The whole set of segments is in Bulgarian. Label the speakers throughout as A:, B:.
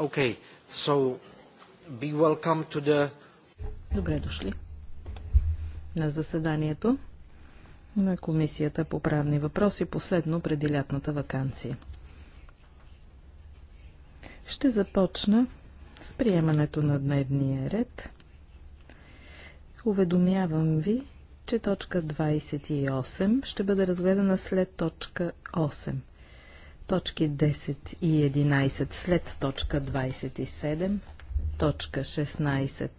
A: Okay, so be welcome to the...
B: Добре дошли на заседанието на Комисията по правни въпроси, последно преди лятната вакансия. Ще започна с приемането на дневния ред. Уведомявам ви, че точка 28 ще бъде разгледана след точка 8. Точки 10 и 11 след точка 27, точка 16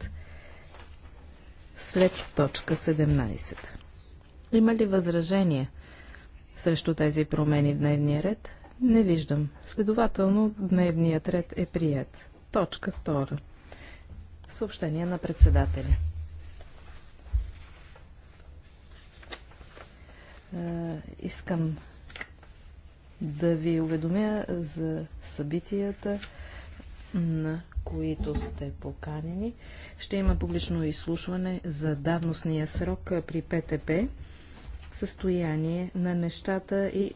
B: след точка 17. Има ли възражение срещу тези промени в дневния ред? Не виждам. Следователно, дневният ред е прият. Точка 2. Съобщение на председателя. Е, искам да ви уведомя за събитията, на които сте поканени. Ще има публично изслушване за давностния срок при ПТП, състояние на нещата и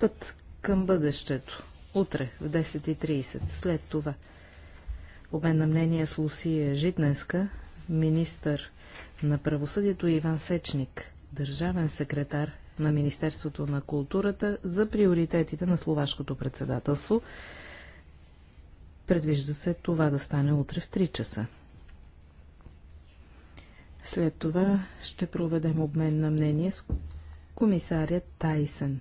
B: път към бъдещето. Утре в 10.30. След това обмен на мнение с Лусия Житненска, министър на правосъдието Иван Сечник, държавен секретар на Министерството на културата за приоритетите на словашкото председателство. Предвижда се това да стане утре в 3 часа. След това ще проведем обмен на мнение с комисаря Тайсен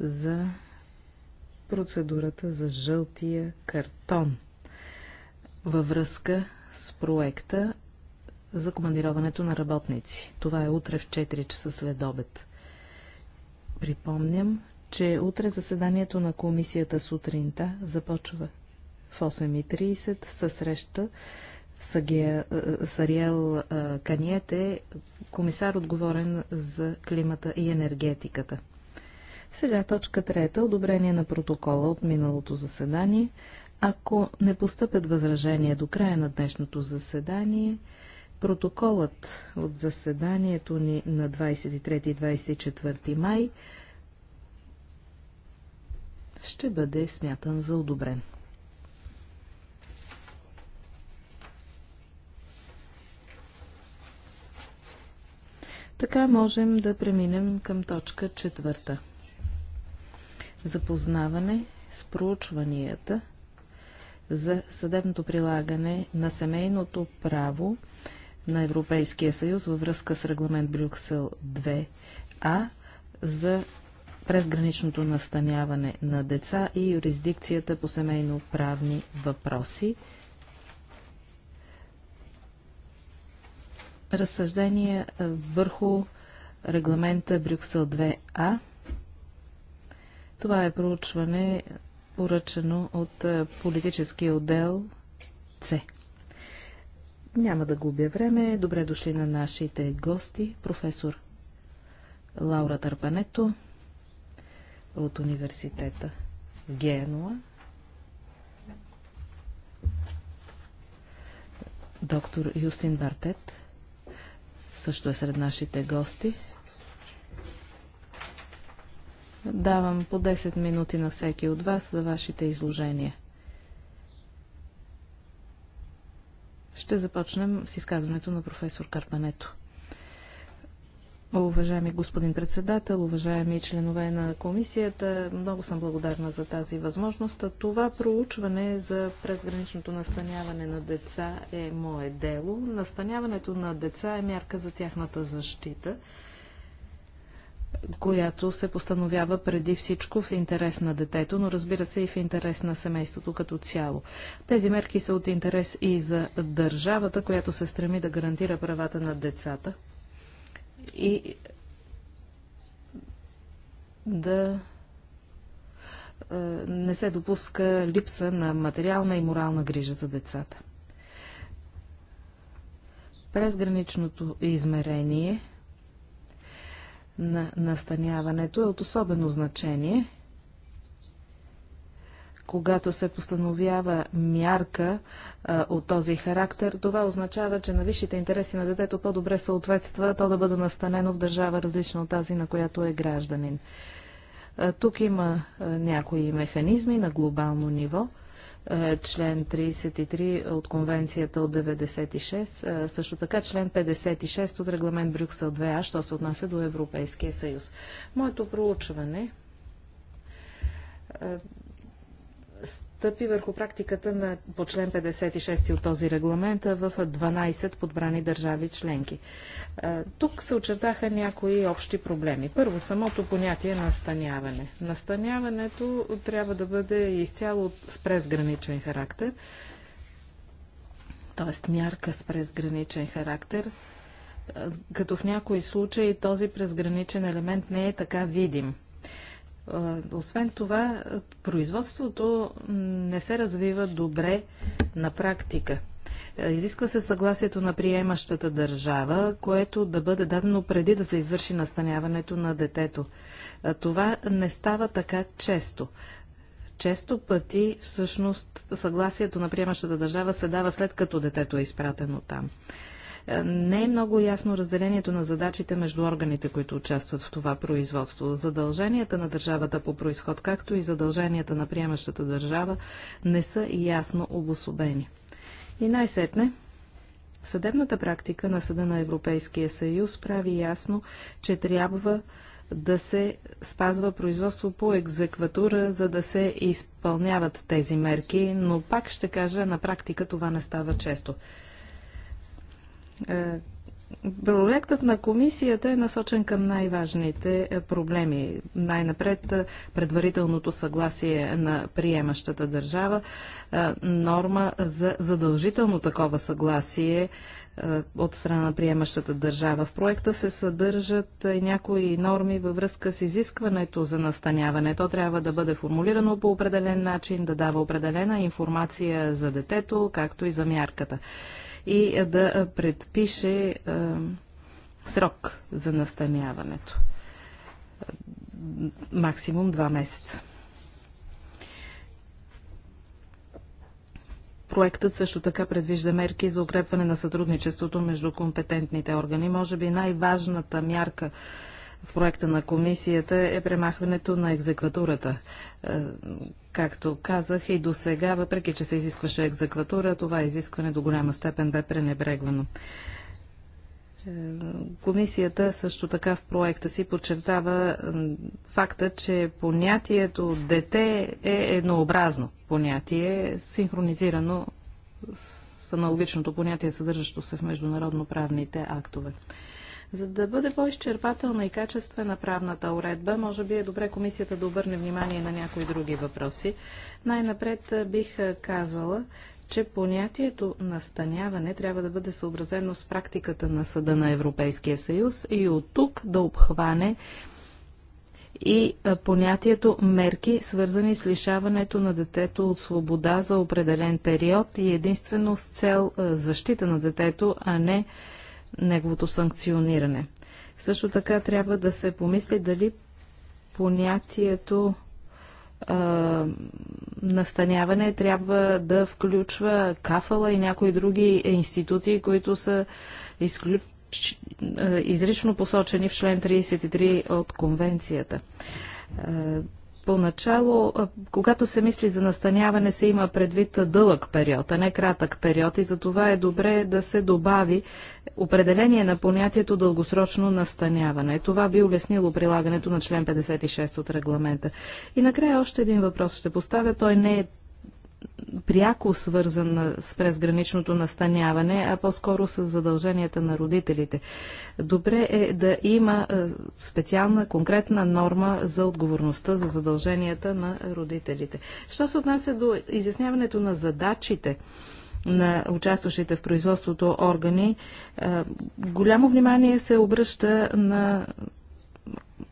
B: за процедурата за жълтия картон във връзка с проекта за командироването на работници. Това е утре в 4 часа след обед. Припомням, че утре заседанието на комисията сутринта започва в 8.30 със среща с Ариел Каниете, комисар отговорен за климата и енергетиката. Сега точка трета – одобрение на протокола от миналото заседание. Ако не постъпят възражения до края на днешното заседание, Протоколът от заседанието ни на 23 и 24 май ще бъде смятан за одобрен. Така можем да преминем към точка четвърта. Запознаване с проучванията за съдебното прилагане на семейното право на Европейския съюз във връзка с регламент Брюксел 2А за презграничното настаняване на деца и юрисдикцията по семейно-правни въпроси. Разсъждение върху регламента Брюксел 2А. Това е проучване поръчано от политическия отдел C. Няма да губя време. Добре дошли на нашите гости. Професор Лаура Тарпането от университета Генуа. Доктор Юстин Бартет също е сред нашите гости. Давам по 10 минути на всеки от вас за вашите изложения. Ще започнем с изказването на професор Карпането. Уважаеми господин председател, уважаеми членове на комисията, много съм благодарна за тази възможност. Това проучване за презграничното настаняване на деца е мое дело. Настаняването на деца е мярка за тяхната защита която се постановява преди всичко в интерес на детето, но разбира се и в интерес на семейството като цяло. Тези мерки са от интерес и за държавата, която се стреми да гарантира правата на децата и да е, не се допуска липса на материална и морална грижа за децата. През граничното измерение – на настаняването е от особено значение, когато се постановява мярка а, от този характер, това означава, че на висшите интереси на детето по-добре съответства то да бъде настанено в държава различна от тази, на която е гражданин. А, тук има а, някои механизми на глобално ниво – член 33 от конвенцията от 96, също така член 56 от регламент Брюксел 2А, що се отнася до Европейския съюз. Моето проучване стъпи върху практиката на, по член 56 от този регламент в 12 подбрани държави членки. Тук се очертаха някои общи проблеми. Първо, самото понятие настаняване. Настаняването трябва да бъде изцяло с презграничен характер, т.е. мярка с презграничен характер, като в някои случаи този презграничен елемент не е така видим – е, освен това, производството не се развива добре на практика. Е, изисква се съгласието на приемащата държава, което да бъде дадено преди да се извърши настаняването на детето. Е, това не става така често. Често пъти, всъщност, съгласието на приемащата държава се дава след като детето е изпратено там. Е, не е много ясно разделението на задачите между органите, които участват в това производство. Задълженията на държавата по происход, както и задълженията на приемащата държава, не са ясно обособени. И най-сетне, съдебната практика на Съда на Европейския съюз прави ясно, че трябва да се спазва производство по екзекватура, за да се изпълняват тези мерки, но пак ще кажа, на практика това не става често. Е, проектът на комисията е насочен към най-важните е, проблеми. Най-напред е, предварителното съгласие на приемащата държава, норма за задължително такова съгласие от страна на приемащата държава. В проекта се съдържат някои норми във връзка с изискването за настаняване. То трябва да бъде формулирано по определен начин, да дава определена информация за детето, както и за мярката и да предпише срок за настаняването. Максимум два месеца. Проектът също така предвижда мерки за укрепване на сътрудничеството между компетентните органи. Може би най-важната мярка в проекта на комисията е премахването на екзекватурата. Е, както казах и до сега, въпреки че се изискваше екзекватура, това изискване до голяма степен бе пренебрегвано. Е, комисията също така в проекта си подчертава факта, че понятието дете е еднообразно понятие, синхронизирано с аналогичното понятие, съдържащо се в международно правните актове. За да бъде по-изчерпателна и качествена правната уредба, може би е добре комисията да обърне внимание на някои други въпроси. Най-напред бих казала, че понятието настаняване трябва да бъде съобразено с практиката на Съда на Европейския съюз и от тук да обхване и понятието мерки, свързани с лишаването на детето от свобода за определен период и единствено с цел защита на детето, а не неговото санкциониране. Също така трябва да се помисли дали понятието а, настаняване трябва да включва кафала и някои други институти, които са изключ... изрично посочени в член 33 от конвенцията. Поначало, когато се мисли за настаняване, се има предвид дълъг период, а не кратък период и затова е добре да се добави определение на понятието дългосрочно настаняване. Това би улеснило прилагането на член 56 от регламента. И накрая още един въпрос ще поставя. Той не е пряко свързан с презграничното настаняване, а по-скоро с задълженията на родителите. Добре е да има е, специална, конкретна норма за отговорността за задълженията на родителите. Що се отнася до изясняването на задачите, на участващите в производството органи, е, голямо внимание се обръща на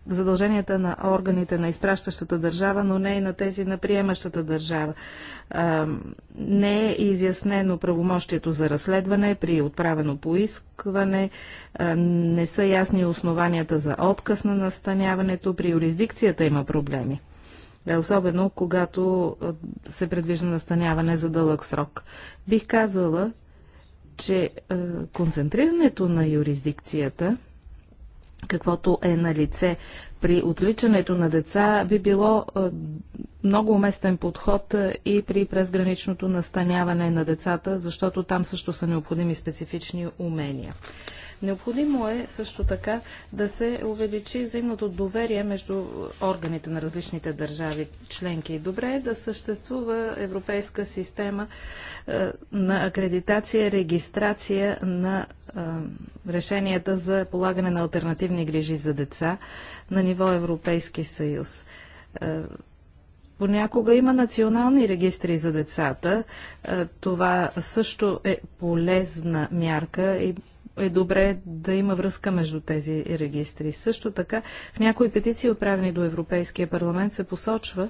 B: задълженията на органите на изпращащата държава, но не и на тези на приемащата държава. не е изяснено правомощието за разследване при отправено поискване, не са ясни основанията за отказ на настаняването, при юрисдикцията има проблеми. Е, особено когато се предвижда настаняване за дълъг срок. Бих казала, че концентрирането на юрисдикцията каквото е на лице. При отличането на деца би било много уместен подход и при презграничното настаняване на децата, защото там също са необходими специфични умения. Необходимо е също така да се увеличи взаимното доверие между органите на различните държави членки. Добре е да съществува европейска система е, на акредитация, регистрация на е, решенията за полагане на альтернативни грижи за деца на ниво Европейски съюз. Е, понякога има национални регистри за децата. Това също е полезна мярка и е добре да има връзка между тези регистри. Също така, в някои петиции, отправени до Европейския парламент, се посочва,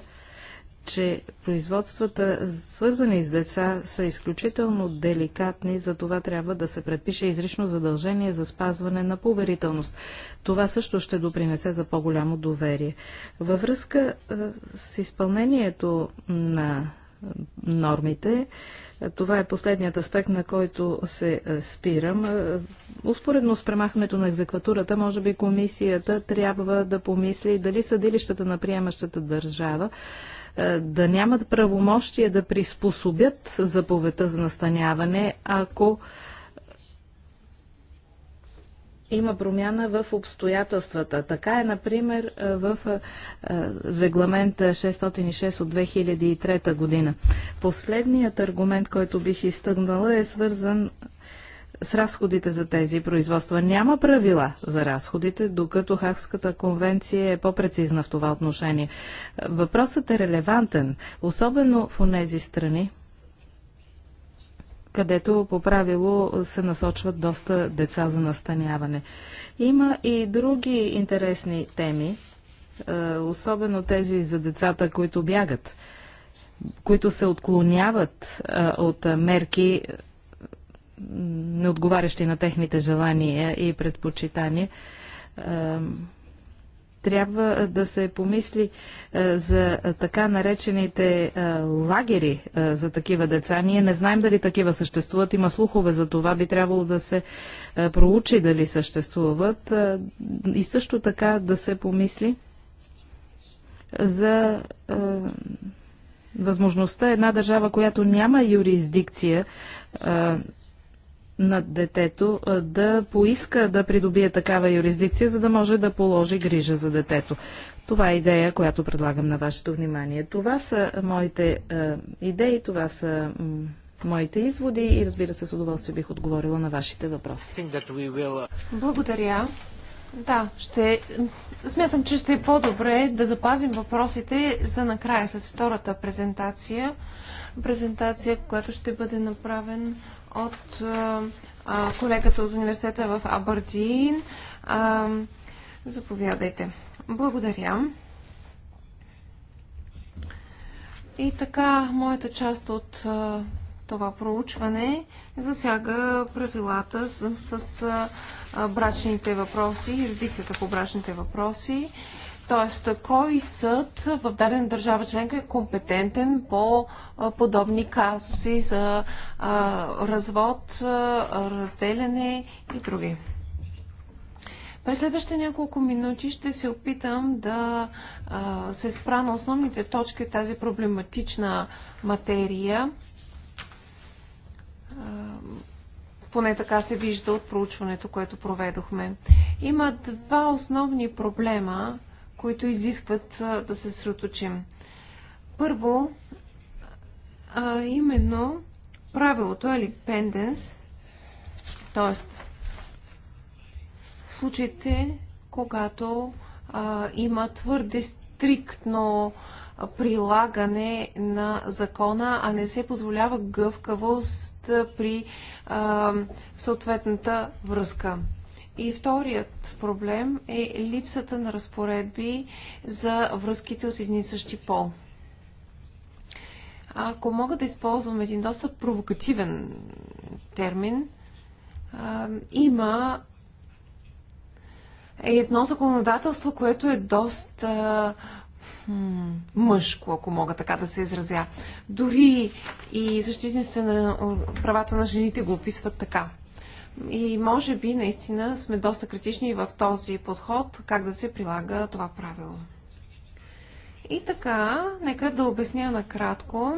B: че производствата, свързани с деца, са изключително деликатни, за това трябва да се предпише изрично задължение за спазване на поверителност. Това също ще допринесе за по-голямо доверие. Във връзка с изпълнението на нормите, това е последният аспект, на който се спирам. Успоредно с премахването на екзекватурата, може би комисията трябва да помисли дали съдилищата на приемащата държава да нямат правомощие да приспособят заповедта за настаняване, ако има промяна в обстоятелствата. Така е, например, е, в е, е, регламент 606 от 2003 година. Последният аргумент, който бих изтъгнала, е свързан с разходите за тези производства. Няма правила за разходите, докато Хакската конвенция е по-прецизна в това отношение. Въпросът е релевантен, особено в тези страни, където по правило се насочват доста деца за настаняване. Има и други интересни теми, е, особено тези за децата, които бягат, които се отклоняват е, от мерки, е, неотговарящи на техните желания и предпочитания трябва да се помисли за така наречените лагери за такива деца. Ние не знаем дали такива съществуват. Има слухове за това. Би трябвало да се проучи дали съществуват. И също така да се помисли за възможността една държава, която няма юрисдикция на детето да поиска да придобие такава юрисдикция, за да може да положи грижа за детето. Това е идея, която предлагам на вашето внимание. Това са моите е, идеи, това са моите изводи и разбира се с удоволствие бих отговорила на вашите въпроси.
C: Благодаря. Да, ще... Смятам, че ще е по-добре да запазим въпросите за накрая, след втората презентация. Презентация, която ще бъде направена от колегата от университета в Абардин. Заповядайте. Благодаря. И така, моята част от това проучване засяга правилата с, с брачните въпроси, юрисдикцията по брачните въпроси Тоест, кой съд в дадена държава членка е компетентен по подобни казуси за а, развод, разделяне и други. През следващите няколко минути ще се опитам да а, се спра на основните точки от тази проблематична материя. А, поне така се вижда от проучването, което проведохме. Има два основни проблема, които изискват да се сръточим. Първо, а именно правилото или пенденс, т.е. в случаите, когато а, има твърде стриктно прилагане на закона, а не се позволява гъвкавост при а, съответната връзка. И вторият проблем е липсата на разпоредби за връзките от един и същи пол. Ако мога да използвам един доста провокативен термин, има едно законодателство, което е доста мъжко, ако мога така да се изразя. Дори и защитниците на правата на жените го описват така – и може би наистина сме доста критични в този подход, как да се прилага това правило. И така, нека да обясня накратко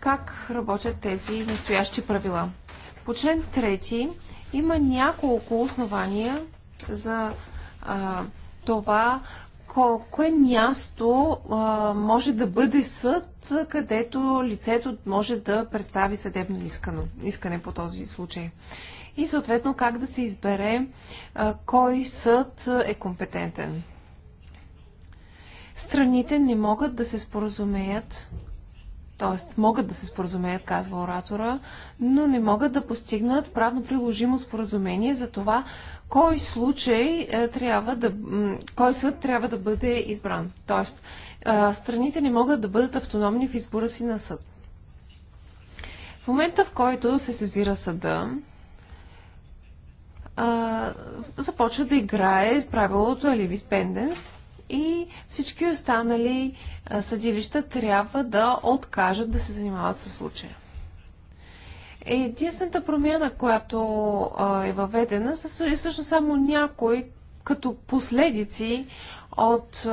C: как работят тези настоящи правила. По член 3 има няколко основания за а, това кое място а, може да бъде съд, където лицето може да представи съдебно искане, искане по този случай. И съответно как да се избере а, кой съд е компетентен. Страните не могат да се споразумеят, т.е. могат да се споразумеят, казва оратора, но не могат да постигнат правно приложимо споразумение за това кой случай е, трябва да, кой съд трябва да бъде избран. Тоест, е, страните не могат да бъдат автономни в избора си на съд. В момента, в който се сезира съда, започва да играе с правилото Alibis Пенденс и всички останали съдилища трябва да откажат да се занимават с случая единствената промяна, която е въведена, е всъщност само някои като последици от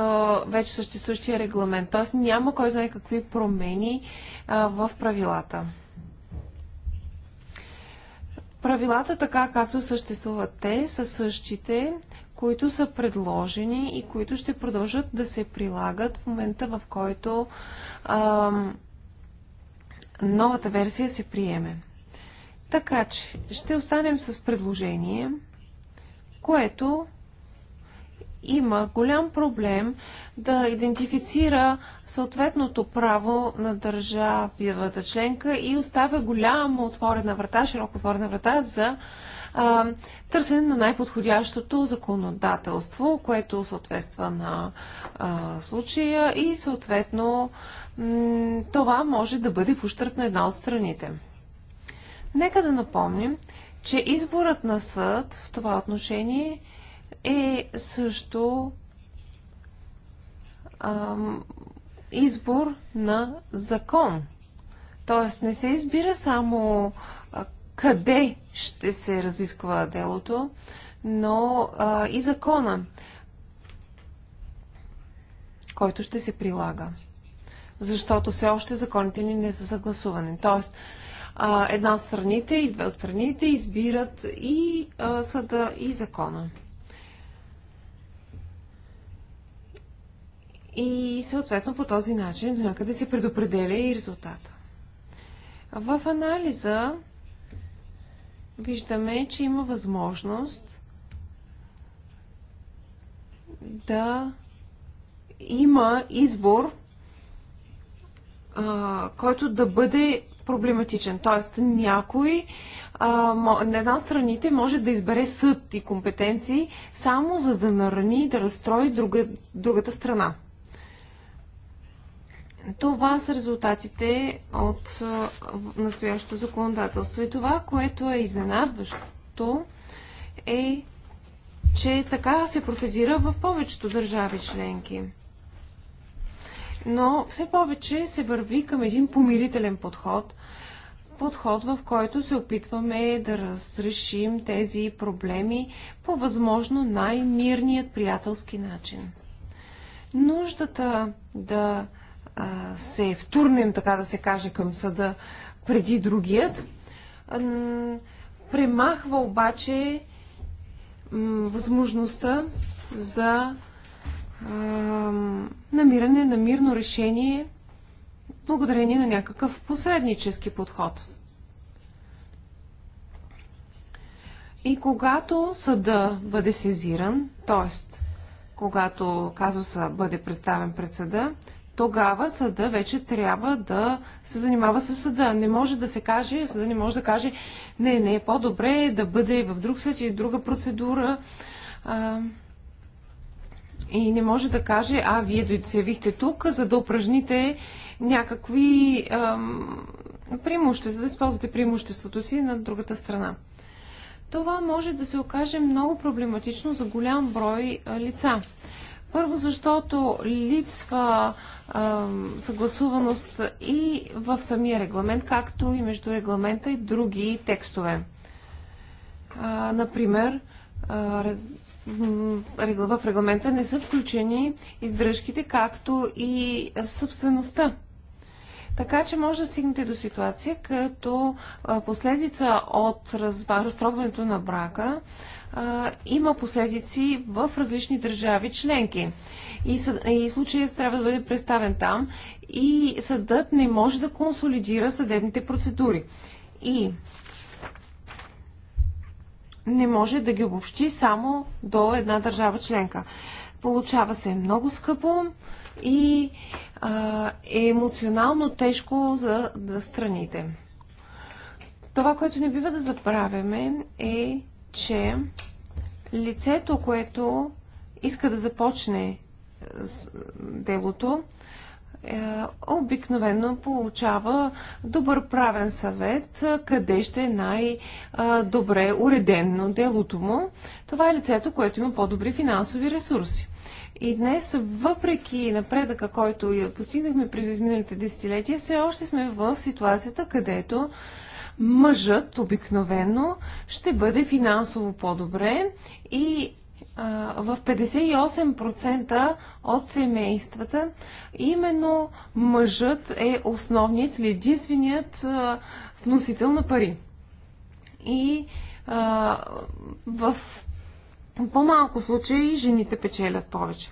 C: вече съществуващия регламент. Т.е. няма кой знае какви промени в правилата. Правилата така, както съществуват те, са същите, които са предложени и които ще продължат да се прилагат в момента, в който а, новата версия се приеме. Така че ще останем с предложение, което има голям проблем да идентифицира съответното право на държавата членка и оставя голяма отворена врата, широко отворена врата за а, търсене на най-подходящото законодателство, което съответства на а, случая и съответно това може да бъде в ущърп на една от страните. Нека да напомним, че изборът на съд в това отношение е също ам, избор на закон. Тоест не се избира само а, къде ще се разисква делото, но а, и закона, който ще се прилага. Защото все още законите ни не са съгласувани. Тоест, а, една от страните и две от страните избират и а, съда и закона. И съответно по този начин някъде се предопределя и резултата. В анализа виждаме, че има възможност да има избор, а, който да бъде проблематичен. Тоест някой а, на една от страните може да избере съд и компетенции само за да нарани и да разстрои друга, другата страна. Това са резултатите от настоящото законодателство. И това, което е изненадващо, е, че така се процедира в повечето държави членки но все повече се върви към един помирителен подход, подход в който се опитваме да разрешим тези проблеми по възможно най-мирният приятелски начин. Нуждата да се втурнем, така да се каже, към съда преди другият, премахва обаче възможността за намиране на мирно решение благодарение на някакъв посреднически подход. И когато съда бъде сезиран, т.е. когато казуса бъде представен пред съда, тогава съда вече трябва да се занимава с съда. Не може да се каже, съда не може да каже, не, не, по-добре е да бъде в друг съд и друга процедура. А, и не може да каже, а, вие се явихте тук, за да упражните някакви ам, преимущества, да използвате преимуществото си на другата страна. Това може да се окаже много проблематично за голям брой а, лица. Първо, защото липсва съгласуваност и в самия регламент, както и между регламента и други текстове. А, например, в регламента не са включени издръжките, както и собствеността. Така че може да стигнете до ситуация, като последица от разтрогването на брака има последици в различни държави членки. И, и случаят трябва да бъде представен там и съдът не може да консолидира съдебните процедури. И не може да ги обобщи само до една държава членка. Получава се много скъпо и а, е емоционално тежко за да страните. Това, което не бива да забравяме е, че лицето, което иска да започне делото, е, обикновено получава добър правен съвет, е, къде ще е най-добре уредено делото му. Това е лицето, което има по-добри финансови ресурси. И днес, въпреки напредъка, който постигнахме през изминалите десетилетия, все още сме в ситуацията, където мъжът обикновено ще бъде финансово по-добре и в 58% от семействата именно мъжът е основният или единственият вносител на пари. И а, в по-малко случаи жените печелят повече.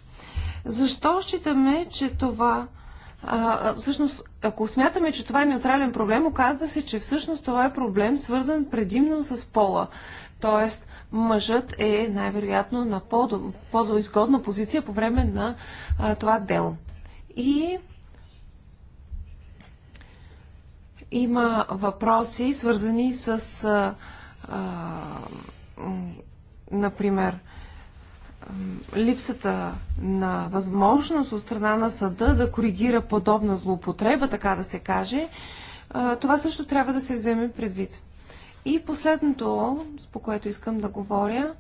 C: Защо считаме, че това. А, всъщност, ако смятаме, че това е неутрален проблем, оказва се, че всъщност това е проблем свързан предимно с пола. Тоест, мъжът е най-вероятно на по-изгодна позиция по време на а, това дело. И има въпроси, свързани с, а, а, например, липсата на възможност от страна на съда да коригира подобна злоупотреба, така да се каже. А, това също трябва да се вземе предвид. И последното, по което искам да говоря,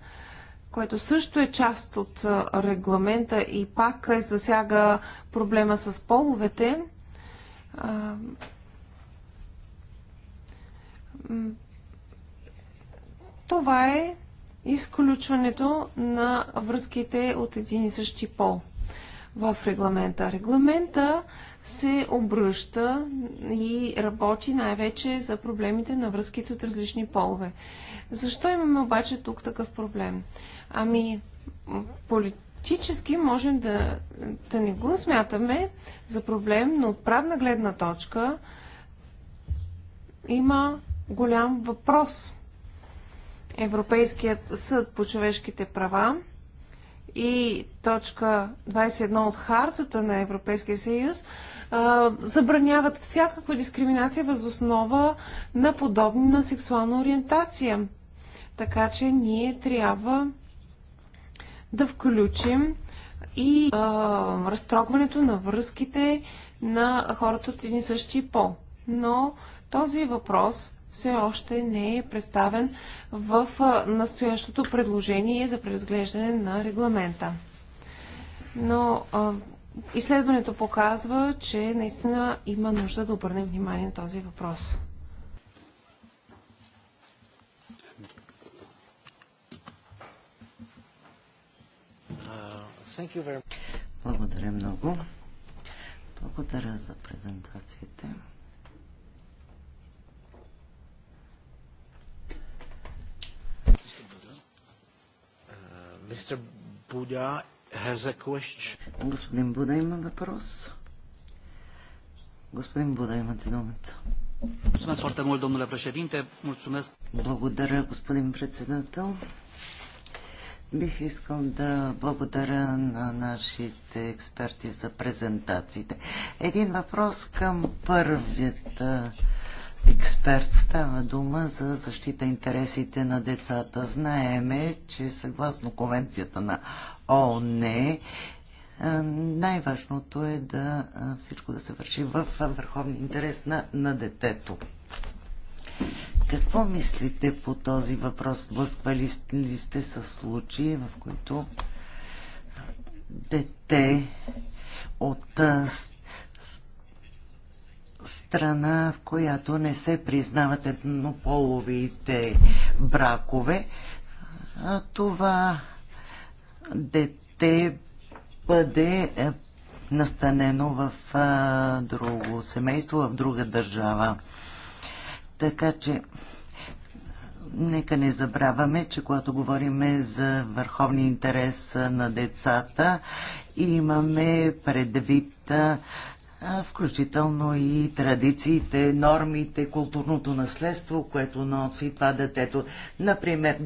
C: което също е част от регламента и пак е засяга проблема с половете. Това е изключването на връзките от един и същи пол в регламента. Регламента се обръща и работи най-вече за проблемите на връзките от различни полове. Защо имаме обаче тук такъв проблем? Ами, политически можем да, да не го смятаме за проблем, но от правна гледна точка има голям въпрос. Европейският съд по човешките права и точка 21 от хартата на Европейския съюз забраняват всякаква дискриминация въз основа на подобна сексуална ориентация. Така че ние трябва да включим и а, разтрогването на връзките на хората от един същи пол. Но този въпрос все още не е представен в настоящото предложение за преразглеждане на регламента. Но а, изследването показва, че наистина има нужда да обърнем внимание на този въпрос.
A: Благодаря много. Благодаря за презентацията. has a question. Господин Буда има въпрос. Господин Буда, имате думата. Mulțumesc foarte mult, domnule președinte. Mulțumesc. Благодаря, господин председател. Бих искал да благодаря на нашите експерти за презентациите. Един въпрос към първият експерт става дума за защита интересите на децата. Знаеме, че съгласно конвенцията на ООН е, най-важното е да е, всичко да се върши в върховния интерес на, на детето. Какво мислите по този въпрос? Блъсквали ли сте с случаи, в които дете от е, страна, в която не се признават еднополовите бракове, това дете бъде е, настанено в друго семейство, в друга държава. Така че нека не забравяме, че когато говорим за върховния интерес на децата, имаме предвид включително и традициите, нормите, културното наследство, което носи това детето. Например,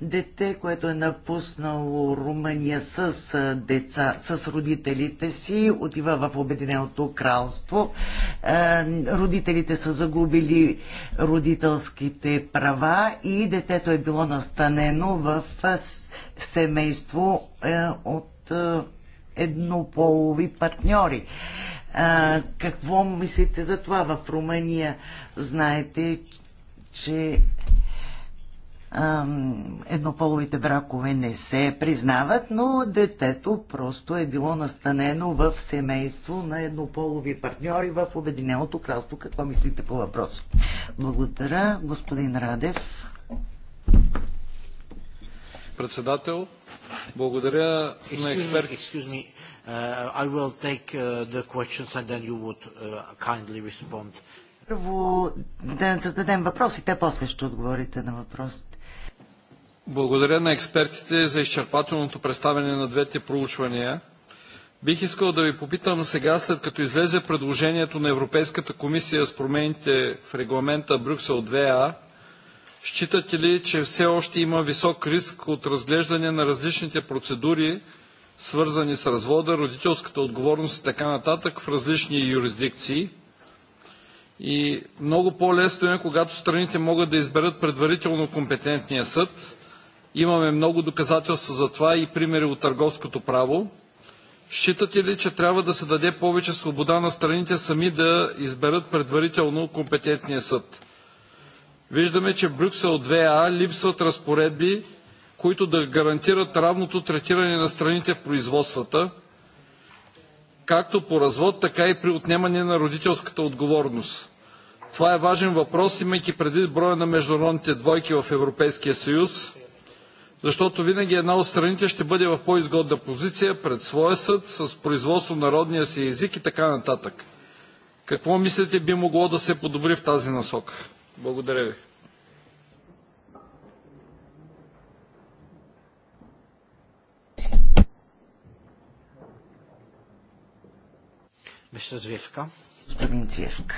A: дете, което е напуснало Румъния с деца, с родителите си, отива в Обединеното кралство. Родителите са загубили родителските права и детето е било настанено в семейство е, от еднополови партньори. А, какво мислите за това в Румъния? Знаете, че еднополовите бракове не се признават, но детето просто е било настанено в семейство на еднополови партньори в Обединеното кралство. Какво мислите по въпроса? Благодаря, господин Радев.
D: Председател, благодаря на експерти. Excuse me, uh, I will take uh, the questions and then you would uh, kindly
A: respond. Първо да зададем въпросите, после ще отговорите на въпросите.
D: Благодаря на експертите за изчерпателното представяне на двете проучвания. Бих искал да ви попитам сега, след като излезе предложението на Европейската комисия с промените в регламента Брюксел 2А, Считате ли, че все още има висок риск от разглеждане на различните процедури, свързани с развода, родителската отговорност и така нататък в различни юрисдикции? И много по-лесно е, когато страните могат да изберат предварително компетентния съд. Имаме много доказателства за това и примери от търговското право. Считате ли, че трябва да се даде повече свобода на страните сами да изберат предварително компетентния съд? Виждаме, че Брюксел 2А липсват разпоредби, които да гарантират равното третиране на страните в производствата, както по развод, така и при отнемане на родителската отговорност. Това е важен въпрос, имайки предвид броя на международните двойки в Европейския съюз, защото винаги една от страните ще бъде в по-изгодна позиция пред своя съд с производство на родния си език и така нататък. Какво мислите би могло да се подобри в тази насока? Благодаря ви.
A: Мистер Звивка. Господин Звивка.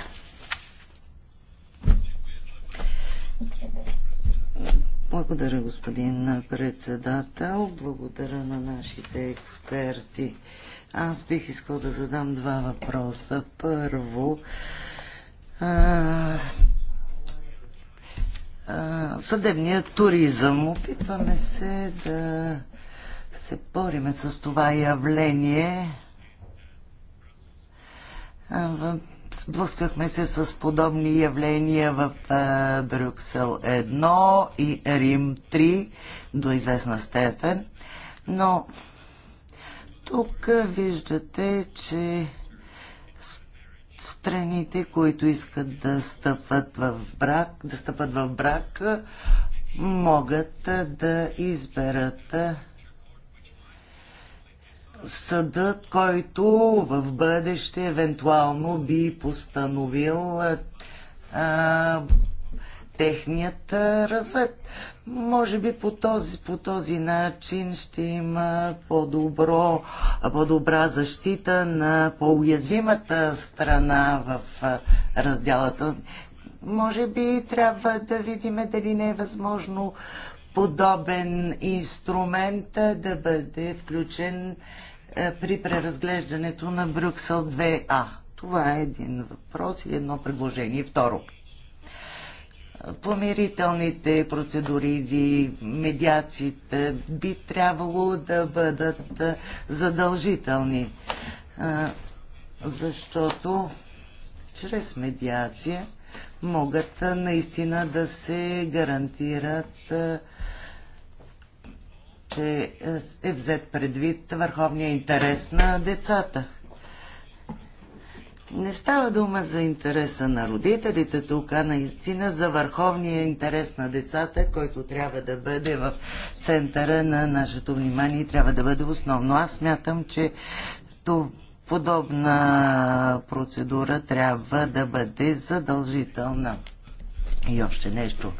A: Благодаря, господин председател. Благодаря на нашите експерти. Аз бих искал да задам два въпроса. Първо, а, съдебния туризъм. Опитваме се да се бориме с това явление. Сблъскахме се с подобни явления в Брюксел 1 и Рим 3 до известна степен, но тук виждате, че страните, които искат да стъпат в брак, да стъпат в брак, могат да изберат съдът, който в бъдеще евентуално би постановил а, техният развед. Може би по този, по този начин ще има по-добро, по-добра защита на по-уязвимата страна в разделата. Може би трябва да видим дали не е възможно подобен инструмент да бъде включен при преразглеждането на Брюксел 2А. Това е един въпрос и едно предложение. Второ помирителните процедури или медиациите би трябвало да бъдат задължителни, защото чрез медиация могат наистина да се гарантират че е взет предвид върховния интерес на децата. Не става дума за интереса на родителите тук, а наистина за върховния интерес на децата, който трябва да бъде в центъра на нашето внимание и трябва да бъде основно. Аз смятам, че подобна процедура трябва да бъде задължителна. И още нещо.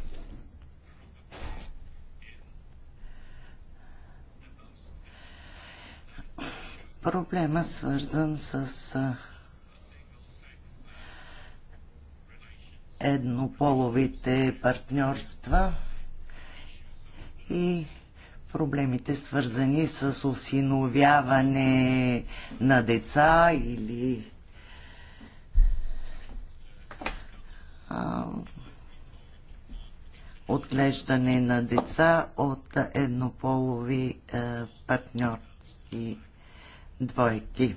A: Проблема свързан с еднополовите партньорства и проблемите свързани с осиновяване на деца или а, отглеждане на деца от еднополови е, партньорски двойки.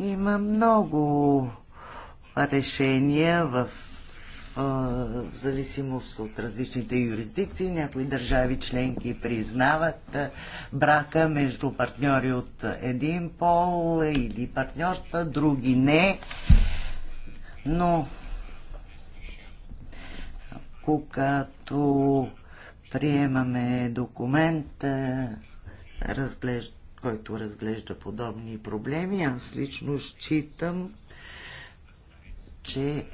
A: Има много решения в в зависимост от различните юрисдикции. Някои държави членки признават брака между партньори от един пол или партньорства, други не. Но когато приемаме документ, разглежда който разглежда подобни проблеми. Аз лично считам, че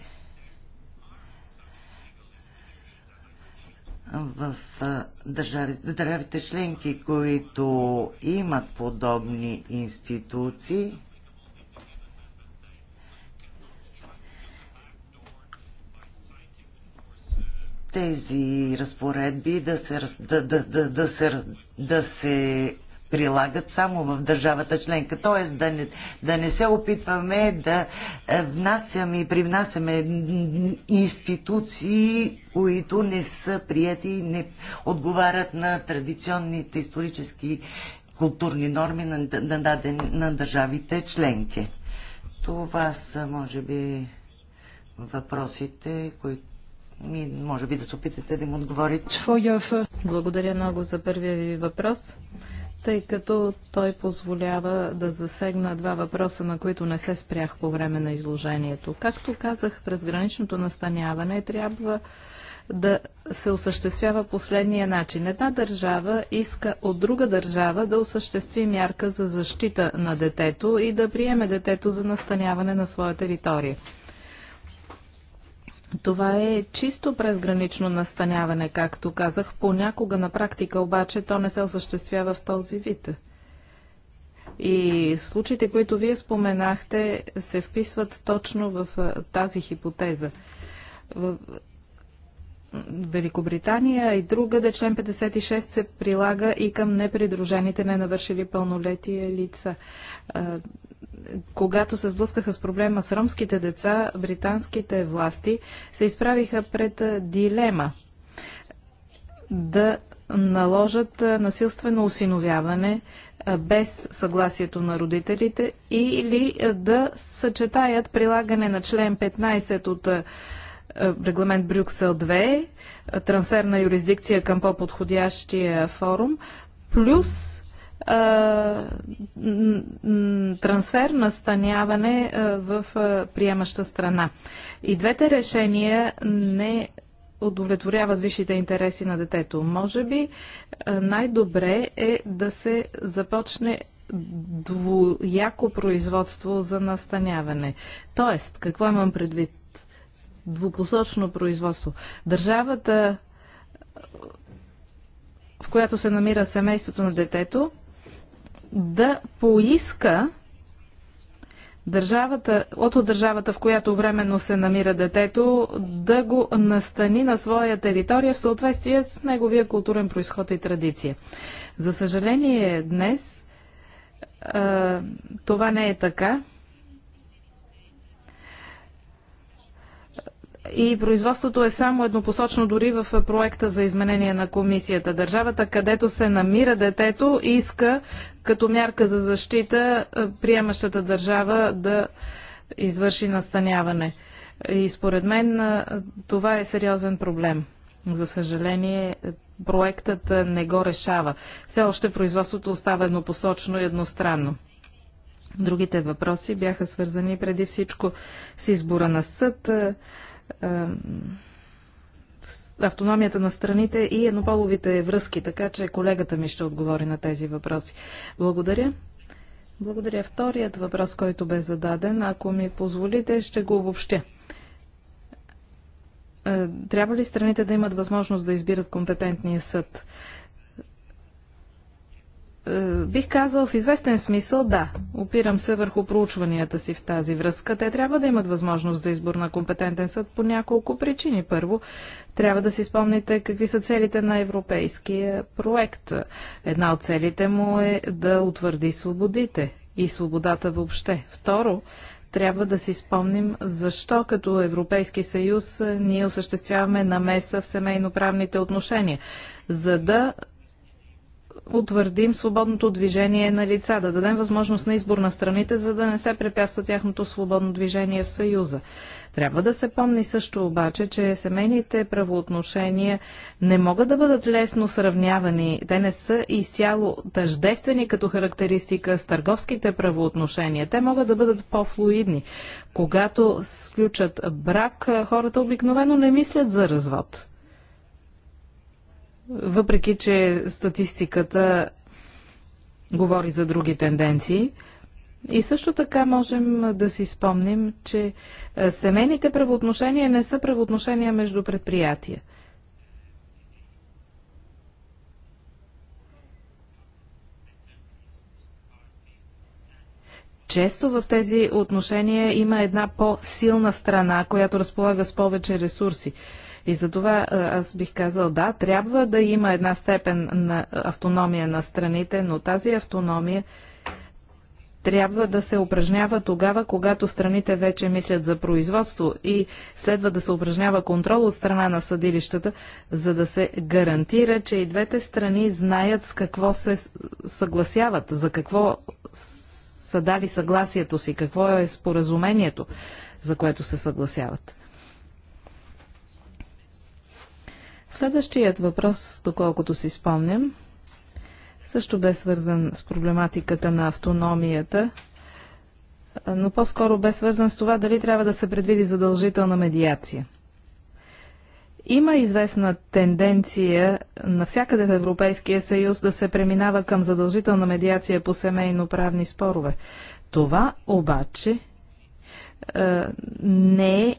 A: в държавите, държавите членки, които имат подобни институции, тези разпоредби да се, да, да, да, да се, да се прилагат само в държавата членка. Тоест да не, да не се опитваме да е, внасяме и привнасяме институции, които не са прияти и не отговарят на традиционните исторически културни норми на, на, на, на държавите членки. Това са, може би, въпросите, които ми, може би да се опитате да им отговорите.
B: Благодаря много
A: за първия ви
B: въпрос тъй като той позволява да засегна два въпроса, на които не се спрях по време на изложението. Както казах, през граничното настаняване трябва да се осъществява последния начин. Една държава иска от друга държава да осъществи мярка за защита на детето и да приеме детето за настаняване на своя територия. Това е чисто презгранично настаняване, както казах. Понякога на практика обаче то не се осъществява в този вид. И случаите, които вие споменахте, се вписват точно в тази хипотеза. В Великобритания и другаде член 56 се прилага и към непридружените, ненавършили пълнолетие лица когато се сблъскаха с проблема с ромските деца, британските власти се изправиха пред дилема да наложат насилствено осиновяване без съгласието на родителите или да съчетаят прилагане на член 15 от регламент Брюксел 2, трансферна юрисдикция към по-подходящия форум, плюс трансфер, настаняване в приемаща страна. И двете решения не удовлетворяват висшите интереси на детето. Може би най-добре е да се започне двояко производство за настаняване. Тоест, какво имам предвид? Двупосочно производство. Държавата, в която се намира семейството на детето, да поиска държавата, от държавата, в която временно се намира детето, да го настани на своя територия в съответствие с неговия културен происход и традиция. За съжаление, днес а, това не е така. и производството е само еднопосочно дори в проекта за изменение на комисията. Държавата, където се намира детето, иска като мярка за защита е, приемащата държава да извърши настаняване. И според мен е, това е сериозен проблем. За съжаление, е, проектът не го решава. Все още производството остава еднопосочно и едностранно. Другите въпроси бяха свързани преди всичко с избора на съд, автономията на страните и еднополовите връзки, така че колегата ми ще отговори на тези въпроси. Благодаря. Благодаря. Вторият въпрос, който бе зададен, ако ми позволите, ще го обобщя. Е, трябва ли страните да имат възможност да избират компетентния съд? Е, бих казал в известен смисъл да. Опирам се върху проучванията си в тази връзка. Те трябва да имат възможност за избор на компетентен съд по няколко причини. Първо, трябва да си спомните какви са целите на европейския проект. Една от целите му е да утвърди свободите и свободата въобще. Второ, трябва да си спомним защо като Европейски съюз е, ние осъществяваме намеса в семейноправните отношения, за да утвърдим свободното движение на лица, да дадем възможност на избор на страните, за да не се препятства тяхното свободно движение в Съюза. Трябва да се помни също обаче, че семейните правоотношения не могат да бъдат лесно сравнявани. Те не са изцяло тъждествени като характеристика с търговските правоотношения. Те могат да бъдат по-флуидни. Когато сключат брак, хората обикновено не мислят за развод въпреки че статистиката говори за други тенденции. И също така можем да си спомним, че семейните правоотношения не са правоотношения между предприятия. Често в тези отношения има една по-силна страна, която разполага с повече ресурси. И затова аз бих казал, да, трябва да има една степен на автономия на страните, но тази автономия трябва да се упражнява тогава, когато страните вече мислят за производство и следва да се упражнява контрол от страна на съдилищата, за да се гарантира, че и двете страни знаят с какво се съгласяват, за какво са дали съгласието си, какво е споразумението, за което се съгласяват. Следващият въпрос, доколкото си спомням, също бе свързан с проблематиката на автономията, но по-скоро бе свързан с това дали трябва да се предвиди задължителна медиация. Има известна тенденция навсякъде в Европейския съюз да се преминава към задължителна медиация по семейно-правни спорове. Това обаче е, не е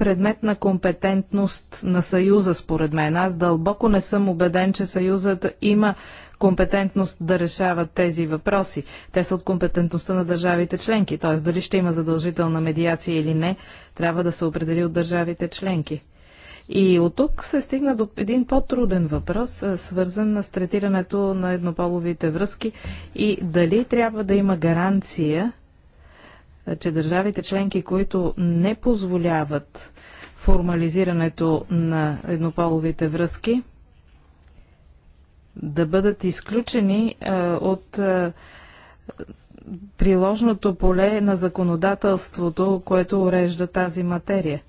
B: предмет на компетентност на Съюза, според мен. Аз дълбоко не съм убеден, че Съюзът има компетентност да решава тези въпроси. Те са от компетентността на държавите членки, т.е. дали ще има задължителна медиация или не, трябва да се определи от държавите членки. И от тук се стигна до един по-труден въпрос, свързан с третирането на еднополовите връзки и дали трябва да има гаранция че държавите членки, които не позволяват формализирането на еднополовите връзки, да бъдат изключени от приложното поле на законодателството, което урежда тази материя.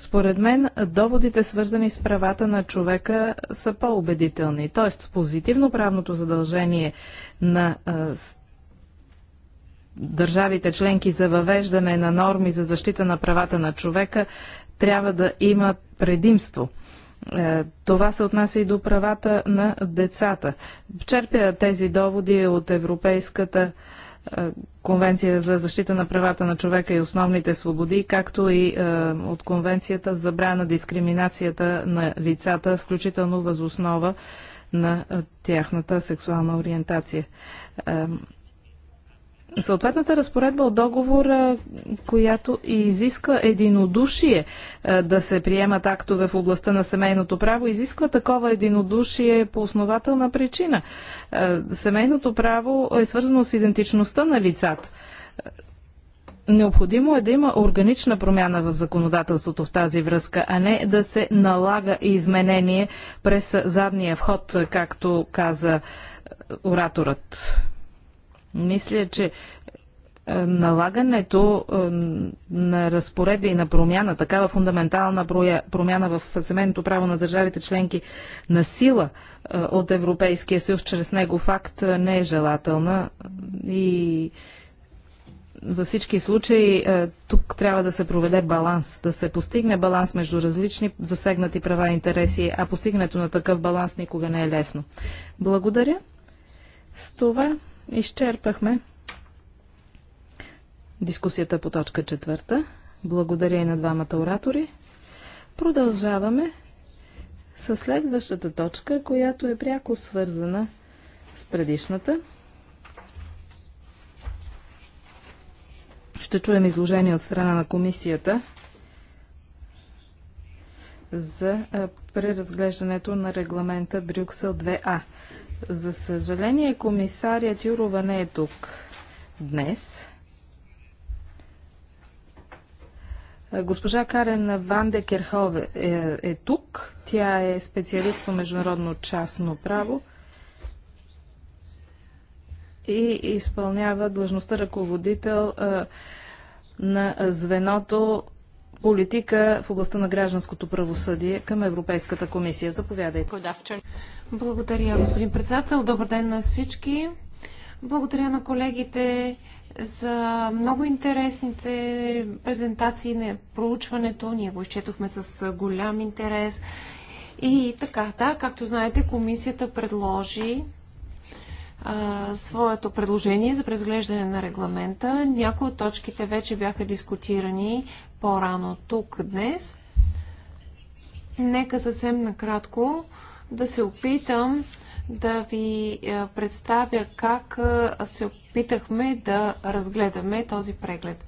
B: Според мен, доводите свързани с правата на човека са по-убедителни. Тоест, позитивно правното задължение на държавите членки за въвеждане на норми за защита на правата на човека трябва да има предимство. Е, това се отнася и до правата на децата. Черпя тези доводи от Европейската е, Конвенция за защита на правата на човека и основните свободи, както и е, от Конвенцията за на дискриминацията на лицата, включително възоснова на тяхната сексуална ориентация съответната разпоредба от договора, е, която изисква единодушие е, да се приемат актове в областта на семейното право, изисква такова единодушие по основателна причина. Е, семейното право е свързано с идентичността на лицата. Необходимо е да има органична промяна в законодателството в тази връзка, а не да се налага изменение през задния вход, както каза ораторът. Мисля, че е, налагането е, на разпоредби и на промяна, такава фундаментална промяна в семейното право на държавите членки на сила е, от Европейския съюз чрез него факт не е желателна и във всички случаи тук трябва да се проведе баланс, да се постигне баланс между различни засегнати права и интереси, а постигането на такъв баланс никога не е лесно. Благодаря. С това Изчерпахме дискусията по точка четвърта. Благодаря и на двамата оратори. Продължаваме с следващата точка, която е пряко свързана с предишната. Ще чуем изложение от страна на комисията за преразглеждането на регламента Брюксел 2А. За съжаление, комисарият Юрова не е тук днес. Госпожа Карен Ванде Керхов е, е тук. Тя е специалист по международно частно право и изпълнява длъжността ръководител е, на звеното политика в областта на гражданското правосъдие към Европейската комисия. Заповядайте.
C: Благодаря, господин председател. Добър ден на всички. Благодаря на колегите за много интересните презентации на проучването. Ние го изчетохме с голям интерес. И така, да, както знаете, комисията предложи а, своето предложение за презглеждане на регламента. Някои от точките вече бяха дискутирани по-рано тук днес. Нека съвсем накратко да се опитам да ви представя как се опитахме да разгледаме този преглед.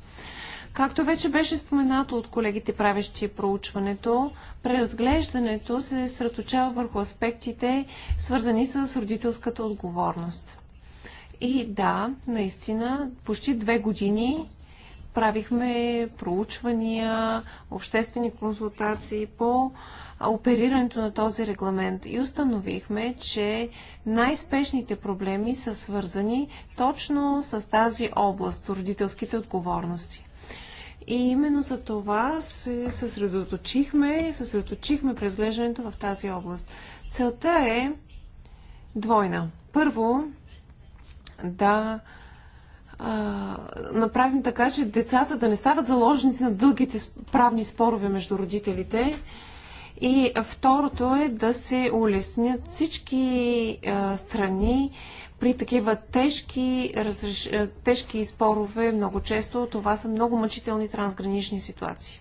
C: Както вече беше споменато от колегите, правещи проучването, преразглеждането се сръточава върху аспектите, свързани с родителската отговорност. И да, наистина, почти две години правихме проучвания, обществени консултации по оперирането на този регламент и установихме, че най-спешните проблеми са свързани точно с тази област, родителските отговорности. И именно за това се съсредоточихме, и съсредоточихме презглеждането в тази област. Целта е двойна. Първо, да а, направим така, че децата да не стават заложници на дългите правни спорове между родителите. И второто е да се улеснят всички а, страни при такива тежки, разреш... Е, тежки спорове много често това са много мъчителни трансгранични ситуации.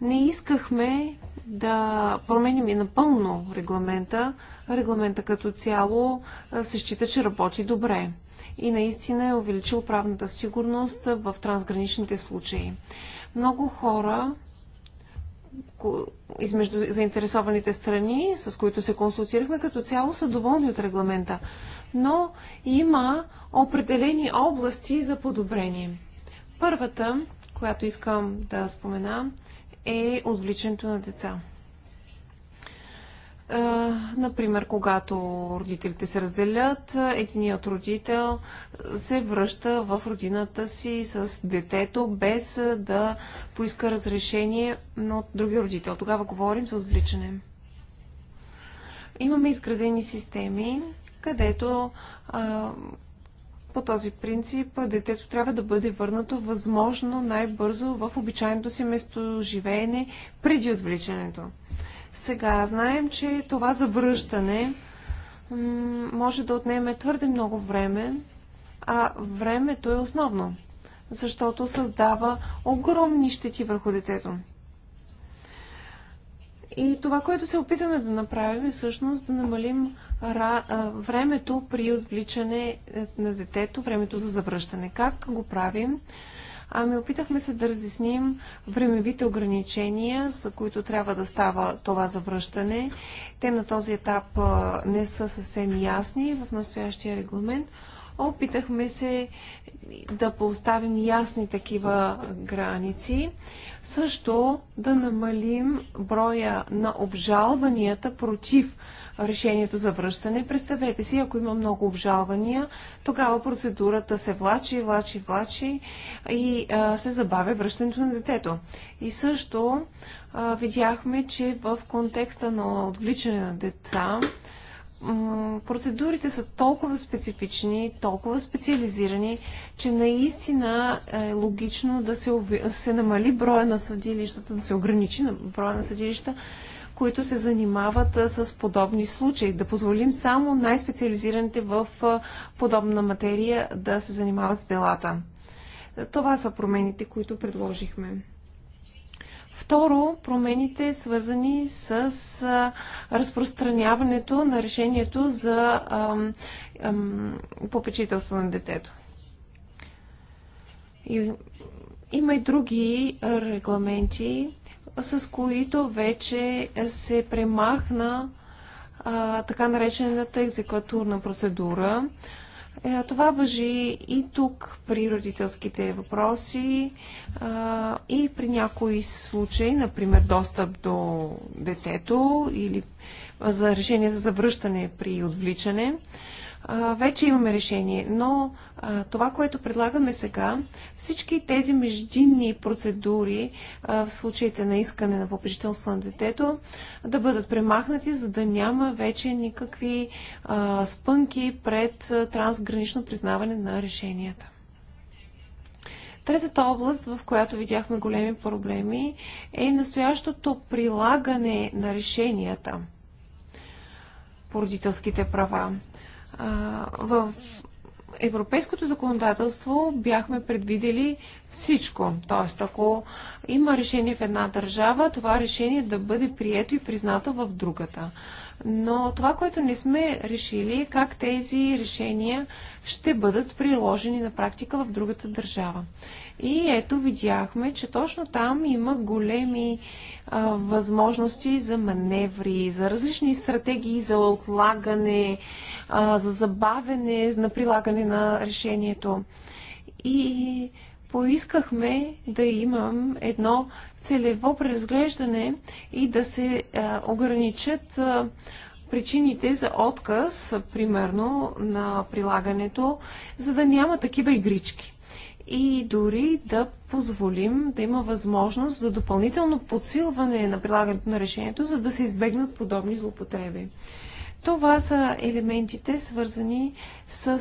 C: Не искахме да променим и напълно регламента. Регламента като цяло е, се счита, че работи добре и наистина е увеличил правната сигурност в трансграничните случаи. Много хора измежду заинтересованите страни, с които се консултирахме, като цяло са доволни от регламента. Но има определени области за подобрение. Първата, която искам да спомена, е отвличането на деца. Например, когато родителите се разделят, единият родител се връща в родината си с детето, без да поиска разрешение от други родител. Тогава говорим за отвличане. Имаме изградени системи, където а, по този принцип детето трябва да бъде върнато възможно най-бързо в обичайното си местоживеене преди отвличането. Сега знаем, че това завръщане може да отнеме твърде много време, а времето е основно, защото създава огромни щети върху детето. И това, което се опитваме да направим е всъщност да намалим времето при отвличане е, на детето, времето за завръщане. Как го правим? Ами опитахме се да разясним времевите ограничения, за които трябва да става това завръщане. Те на този етап не са съвсем ясни в настоящия регламент. Опитахме се да поставим ясни такива граници. Също да намалим броя на обжалванията против решението за връщане. Представете си, ако има много обжалвания, тогава процедурата се влачи, влачи, влачи и а, се забавя връщането на детето. И също а, видяхме, че в контекста на отвличане на деца, процедурите са толкова специфични, толкова специализирани, че наистина е логично да се, се намали броя на съдилищата, да се ограничи на броя на съдилища, които се занимават с подобни случаи. Да позволим само най-специализираните в подобна материя да се занимават с делата. Това са промените, които предложихме. Второ, промените свързани с а, разпространяването на решението за ам, ам, попечителство на детето. И, има и други регламенти, с които вече се премахна а, така наречената екзекватурна процедура. А, е, това въжи и тук при родителските въпроси а, и при някои случаи, например достъп до детето или за решение за завръщане при отвличане вече имаме решение, но това, което предлагаме сега, всички тези междинни процедури в случаите на искане на попечителство на детето да бъдат премахнати, за да няма вече никакви спънки пред трансгранично признаване на решенията. Третата област, в която видяхме големи проблеми, е настоящото прилагане на решенията по родителските права в европейското законодателство бяхме предвидели всичко. Тоест, ако има решение в една държава, това решение да бъде прието и признато в другата. Но това, което не сме решили е как тези решения ще бъдат приложени на практика в другата държава. И ето видяхме, че точно там има големи а, възможности за маневри, за различни стратегии, за отлагане, а, за забавене, на прилагане на решението. И поискахме да имам едно целево преразглеждане и да се а, ограничат а, причините за отказ, примерно, на прилагането, за да няма такива игрички и дори да позволим да има възможност за допълнително подсилване на прилагането на решението, за да се избегнат подобни злоупотреби. Това са елементите, свързани с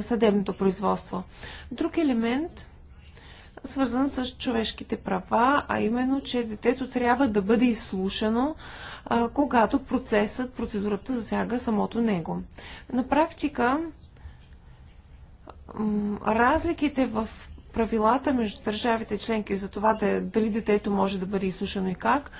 C: съдебното производство. Друг елемент, свързан с човешките права, а именно, че детето трябва да бъде изслушано, когато процесът, процедурата засяга самото него. На практика, разликите в правилата между държавите членки за това да, дали детето може да бъде изслушано и как,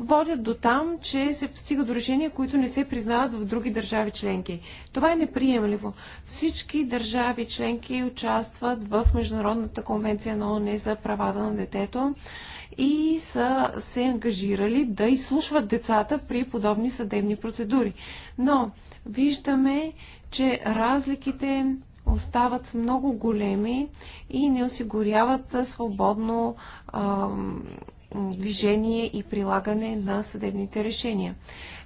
C: водят до там, че се стига до решения, които не се признават в други държави членки. Това е неприемливо. Всички държави членки участват в Международната конвенция на ОНЕ за правата на детето и са се ангажирали да изслушват децата при подобни съдебни процедури. Но виждаме, че разликите остават много големи и не осигуряват свободно а, движение и прилагане на съдебните решения.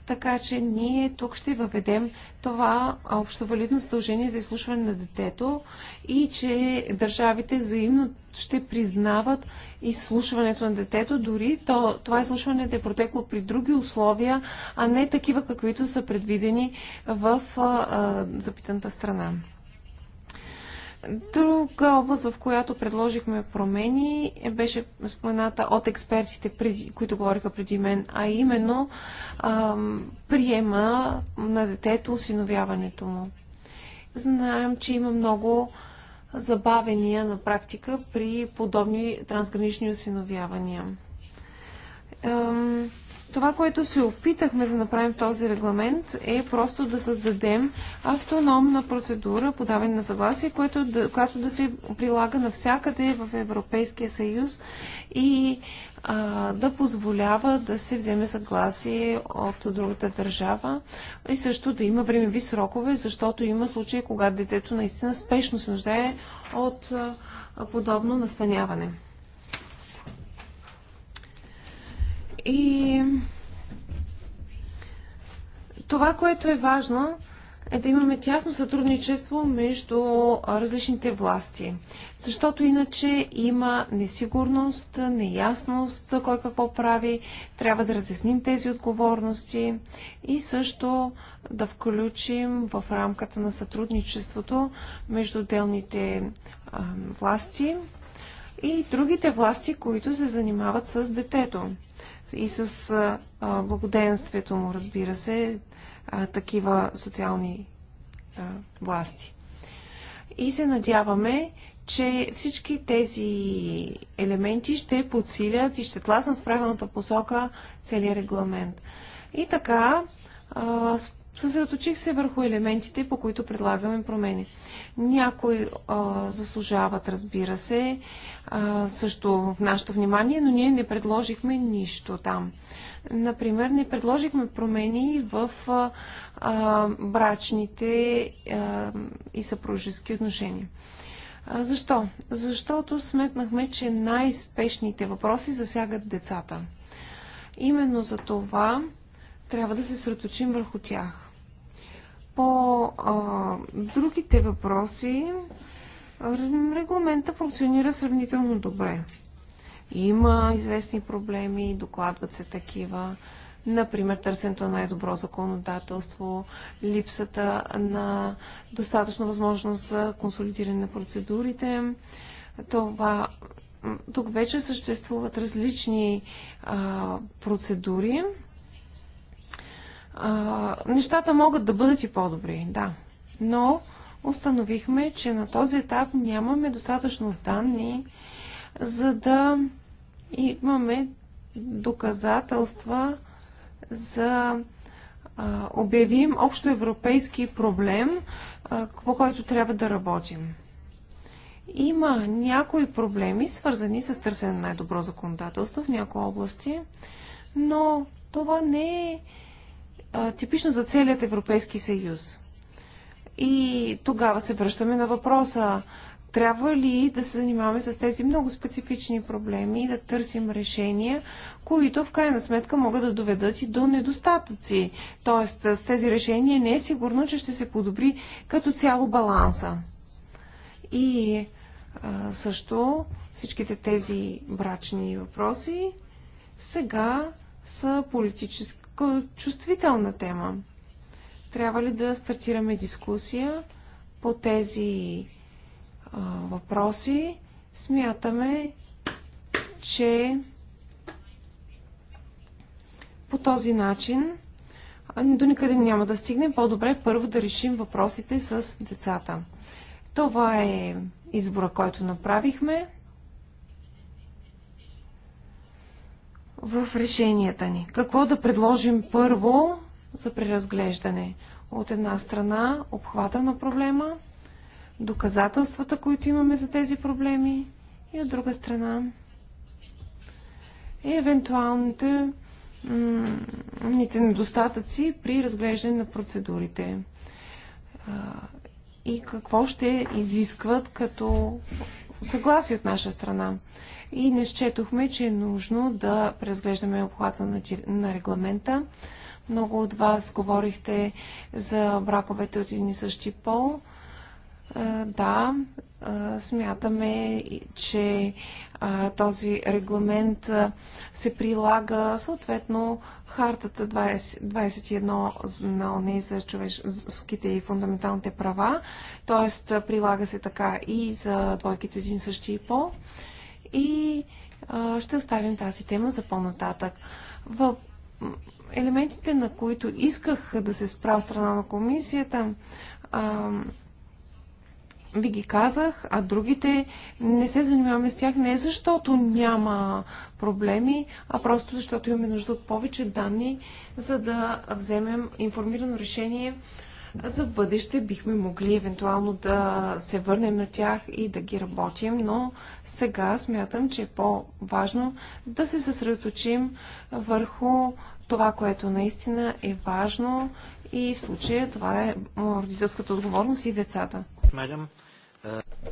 C: Така че ние тук ще въведем това общовалидно задължение за изслушване на детето и че държавите взаимно ще признават изслушването на детето, дори то, това изслушване да е протекло при други условия, а не такива, каквито са предвидени в а, а, запитаната страна. Друга област, в която предложихме промени, беше спомената от експертите, преди, които говориха преди мен, а именно ам, приема на детето, осиновяването му. Знаем, че има много забавения на практика при подобни трансгранични осиновявания. Ам, това, което се опитахме да направим в този регламент е просто да създадем автономна процедура по даване на съгласие, което да, която да се прилага навсякъде в Европейския съюз и а, да позволява да се вземе съгласие от другата държава и също да има времеви срокове, защото има случаи, когато детето наистина спешно се нуждае от а, подобно настаняване. И това, което е важно, е да имаме тясно сътрудничество между различните власти. Защото иначе има несигурност, неясност, кой какво прави. Трябва да разясним тези отговорности и също да включим в рамката на сътрудничеството между отделните власти и другите власти, които се занимават с детето и с а, благоденствието му, разбира се, а, такива социални а, власти. И се надяваме, че всички тези елементи ще подсилят и ще тласнат в правилната посока целият регламент. И така, Съсредоточих се върху елементите, по които предлагаме промени. Някои а, заслужават, разбира се, а, също нашето внимание, но ние не предложихме нищо там. Например, не предложихме промени в а, а, брачните а, и съпружески отношения. А, защо? Защото сметнахме, че най-спешните въпроси засягат децата. Именно за това трябва да се сръточим върху тях по а, другите въпроси, регламента функционира сравнително добре. Има известни проблеми, докладват се такива. Например, търсенето на най-добро законодателство, липсата на достатъчно възможност за консолидиране на процедурите. Това, тук вече съществуват различни а, процедури, а, нещата могат да бъдат и по-добри, да. Но установихме, че на този етап нямаме достатъчно данни, за да имаме доказателства за а, обявим общоевропейски проблем, а, по който трябва да работим. Има някои проблеми, свързани с търсене на най-добро законодателство в някои области, но това не е а, типично за целият Европейски съюз. И тогава се връщаме на въпроса трябва ли да се занимаваме с тези много специфични проблеми и да търсим решения, които в крайна сметка могат да доведат и до недостатъци. Тоест с тези решения не е сигурно, че ще се подобри като цяло баланса. И също всичките тези брачни въпроси сега са политическа чувствителна тема. Трябва ли да стартираме дискусия по тези а, въпроси? Смятаме, че по този начин до никъде няма да стигне. По-добре първо да решим въпросите с децата. Това е избора, който направихме. в решенията ни. Какво да предложим първо за преразглеждане? От една страна обхвата на проблема, доказателствата, които имаме за тези проблеми и от друга страна и евентуалните недостатъци при разглеждане на процедурите и какво ще изискват като съгласие от наша страна и не счетохме, че е нужно да преразглеждаме обхвата на, на регламента. Много от вас говорихте за браковете от един и същи пол. Е, да, е, смятаме, че е, този регламент се прилага съответно хартата 21 на ОНЕ за човешките и фундаменталните права, т.е. прилага се така и за двойките един същи и пол и а, ще оставим тази тема за по-нататък. В елементите, на които исках да се спра страна на комисията, а, ви ги казах, а другите не се занимаваме с тях не защото няма проблеми, а просто защото имаме нужда от повече данни, за да вземем информирано решение за бъдеще бихме могли евентуално да се върнем на тях и да ги работим, но сега смятам, че е по-важно да се съсредоточим върху това, което наистина е важно и в случая това е родителската отговорност и децата.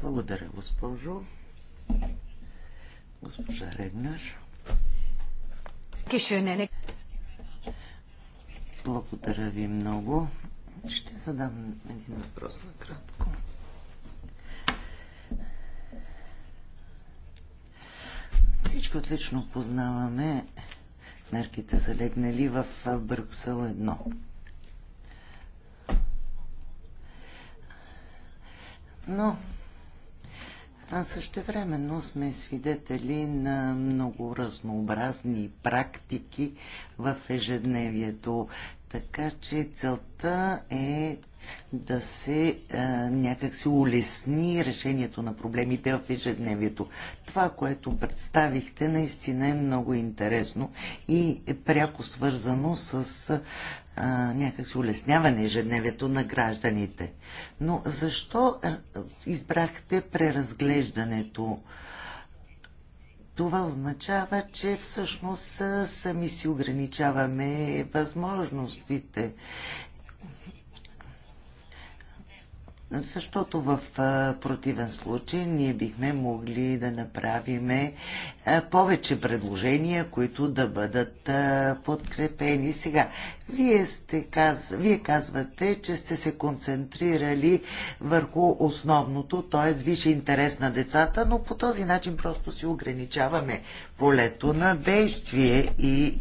A: Благодаря, госпожо. Госпожа Регнар. Благодаря ви много. Ще задам един въпрос на кратко. Всички отлично познаваме мерките залегнали в Брюксел 1. Но а също времено сме свидетели на много разнообразни практики в ежедневието. Така че целта е да се е, а, си улесни решението на проблемите в ежедневието. Това, което представихте, наистина е много интересно и е пряко свързано с е, а, си улесняване ежедневието на гражданите. Но защо е, избрахте преразглеждането? това означава, че всъщност сами си ограничаваме възможностите защото в противен случай ние бихме могли да направиме повече предложения, които да бъдат подкрепени. Сега, вие, сте, каз... вие казвате, че сте се концентрирали върху основното, т.е. висше интерес на децата, но по този начин просто си ограничаваме полето на действие и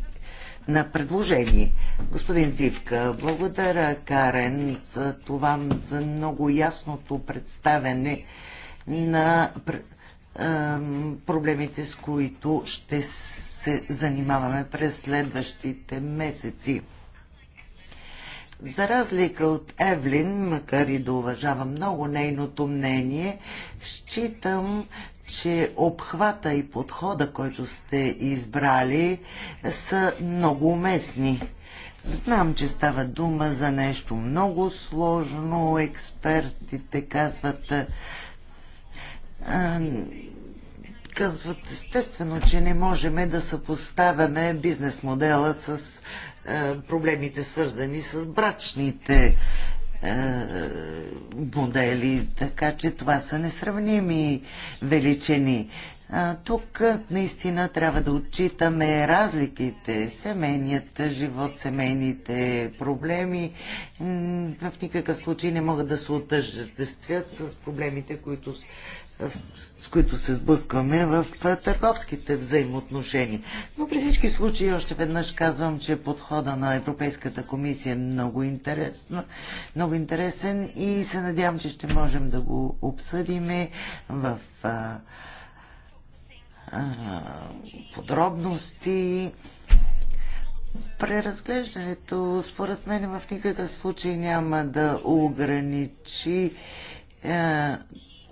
A: на предложение. Господин Зивка, благодаря Карен за това, за много ясното представене на проблемите, с които ще се занимаваме през следващите месеци. За разлика от Евлин, макар и да уважавам много нейното мнение, считам, че обхвата и подхода, който сте избрали, са много уместни. Знам, че става дума за нещо много сложно. Експертите казват. А, казват естествено, че не можем да съпоставяме бизнес модела с а, проблемите свързани с брачните модели, така че това са несравними величини. А, тук наистина трябва да отчитаме разликите, семейният живот, семейните проблеми. В никакъв случай не могат да се отъждествят с проблемите, които с които се сблъскваме в търговските взаимоотношения. Но при всички случаи още веднъж казвам, че подхода на Европейската комисия е много, много интересен и се надявам, че ще можем да го обсъдиме в а, а, подробности. Преразглеждането, според мен, в никакъв случай няма да ограничи а,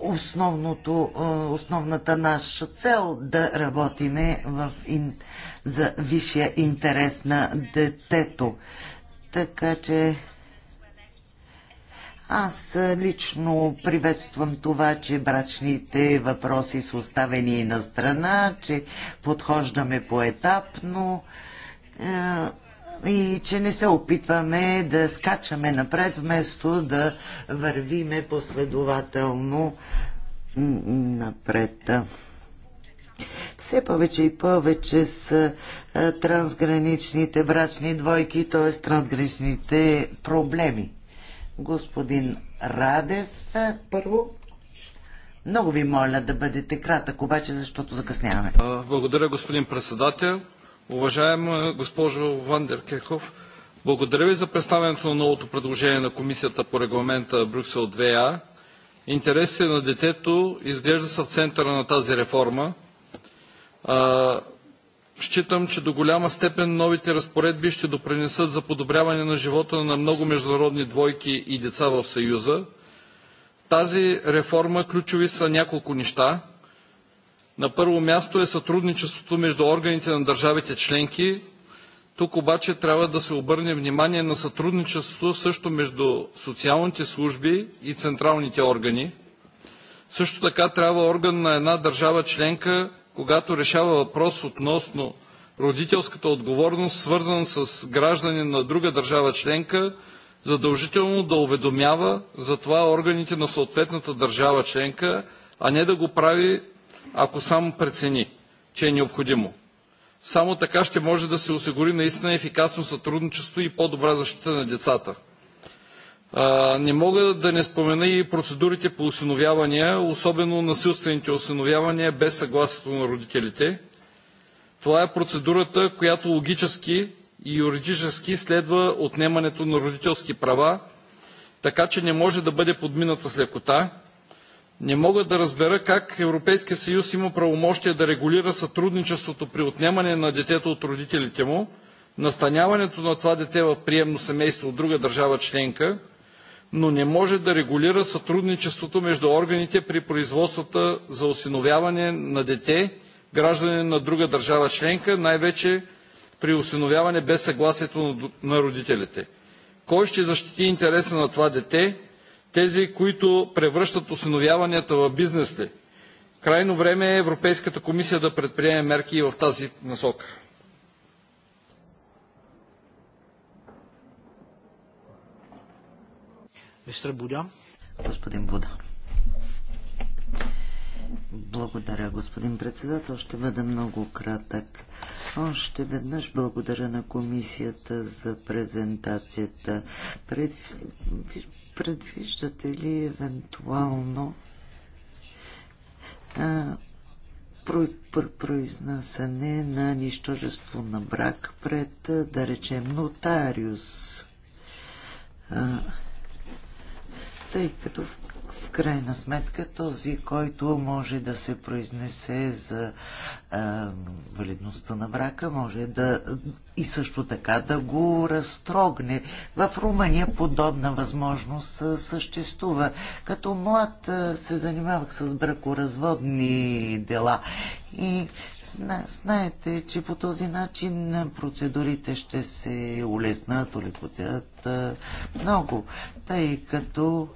A: основното, основната наша цел да работиме в, ин, за висшия интерес на детето. Така че аз лично приветствам това, че брачните въпроси са оставени на страна, че подхождаме поетапно. Е, и че не се опитваме да скачаме напред, вместо да вървиме последователно напред. Все повече и повече с трансграничните брачни двойки, т.е. трансграничните проблеми. Господин Радев, първо. Много ви моля да бъдете кратък, обаче, защото закъсняваме.
D: Благодаря, господин председател. Уважаема госпожо Вандер Кехов, благодаря ви за представянето на новото предложение на Комисията по регламента Брюксел 2А. Интересите на детето изглежда са в центъра на тази реформа. А, считам, че до голяма степен новите разпоредби ще допринесат за подобряване на живота на много международни двойки и деца в Съюза. Тази реформа ключови са няколко неща – на първо място е сътрудничеството между органите на държавите членки. Тук обаче трябва да се обърне внимание на сътрудничеството също между социалните служби и централните органи. Също така трябва орган на една държава членка, когато решава въпрос относно родителската отговорност, свързан с граждани на друга държава членка, задължително да уведомява за това органите на съответната държава членка, а не да го прави ако сам прецени, че е необходимо. Само така ще може да се осигури наистина ефикасно сътрудничество и по-добра защита на децата. Не мога да не спомена и процедурите по осиновявания, особено насилствените осиновявания без съгласието на родителите. Това е процедурата, която логически и юридически следва отнемането на родителски права, така че не може да бъде подмината с лекота не мога да разбера как Европейският съюз има правомощие да регулира сътрудничеството при отнемане на детето от родителите му, настаняването на това дете в приемно семейство от друга държава членка, но не може да регулира сътрудничеството между органите при производствата за осиновяване на дете, граждане на друга държава членка, най-вече при осиновяване без съгласието на родителите. Кой ще защити интереса на това дете, тези, които превръщат осиновяванията в бизнес ли? Крайно време е Европейската комисия да предприеме мерки и в тази насока.
A: Мистер Господин Буда. Благодаря, господин председател. Ще бъда много кратък. Още веднъж благодаря на комисията за презентацията. Пред... Предвиждате ли евентуално а, про, про, произнасяне на нищожество на брак пред, да речем, нотариус? А, тъй като в крайна сметка този, който може да се произнесе за а, валидността на брака, може да и също така да го разтрогне. В Румъния подобна възможност съществува. Като млад се занимавах с бракоразводни дела и знаете, че по този начин процедурите ще се улеснат, улекотят много, тъй като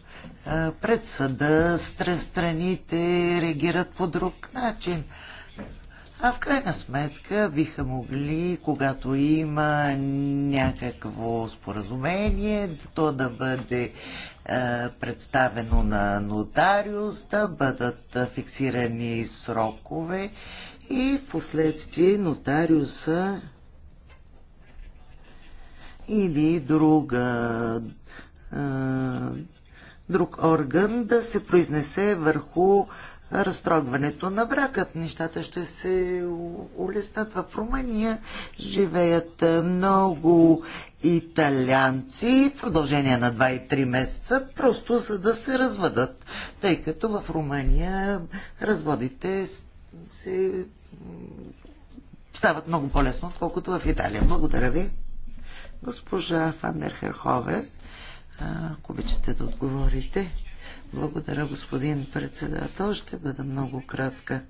A: пред съда, страните реагират по друг начин. А в крайна сметка биха могли, когато има някакво споразумение, то да бъде е, представено на нотариус, да бъдат фиксирани срокове и в последствие нотариуса или друга е, друг орган да се произнесе върху разтрогването на бракът. Нещата ще се улеснат в Румъния. Живеят много италианци в продължение на 2-3 месеца, просто за да се разведат, тъй като в Румъния разводите се стават много по-лесно, отколкото в Италия. Благодаря ви. Госпожа Фандер Херхове. Ако обичате да отговорите. Благодаря, господин председател. Ще бъда много кратка.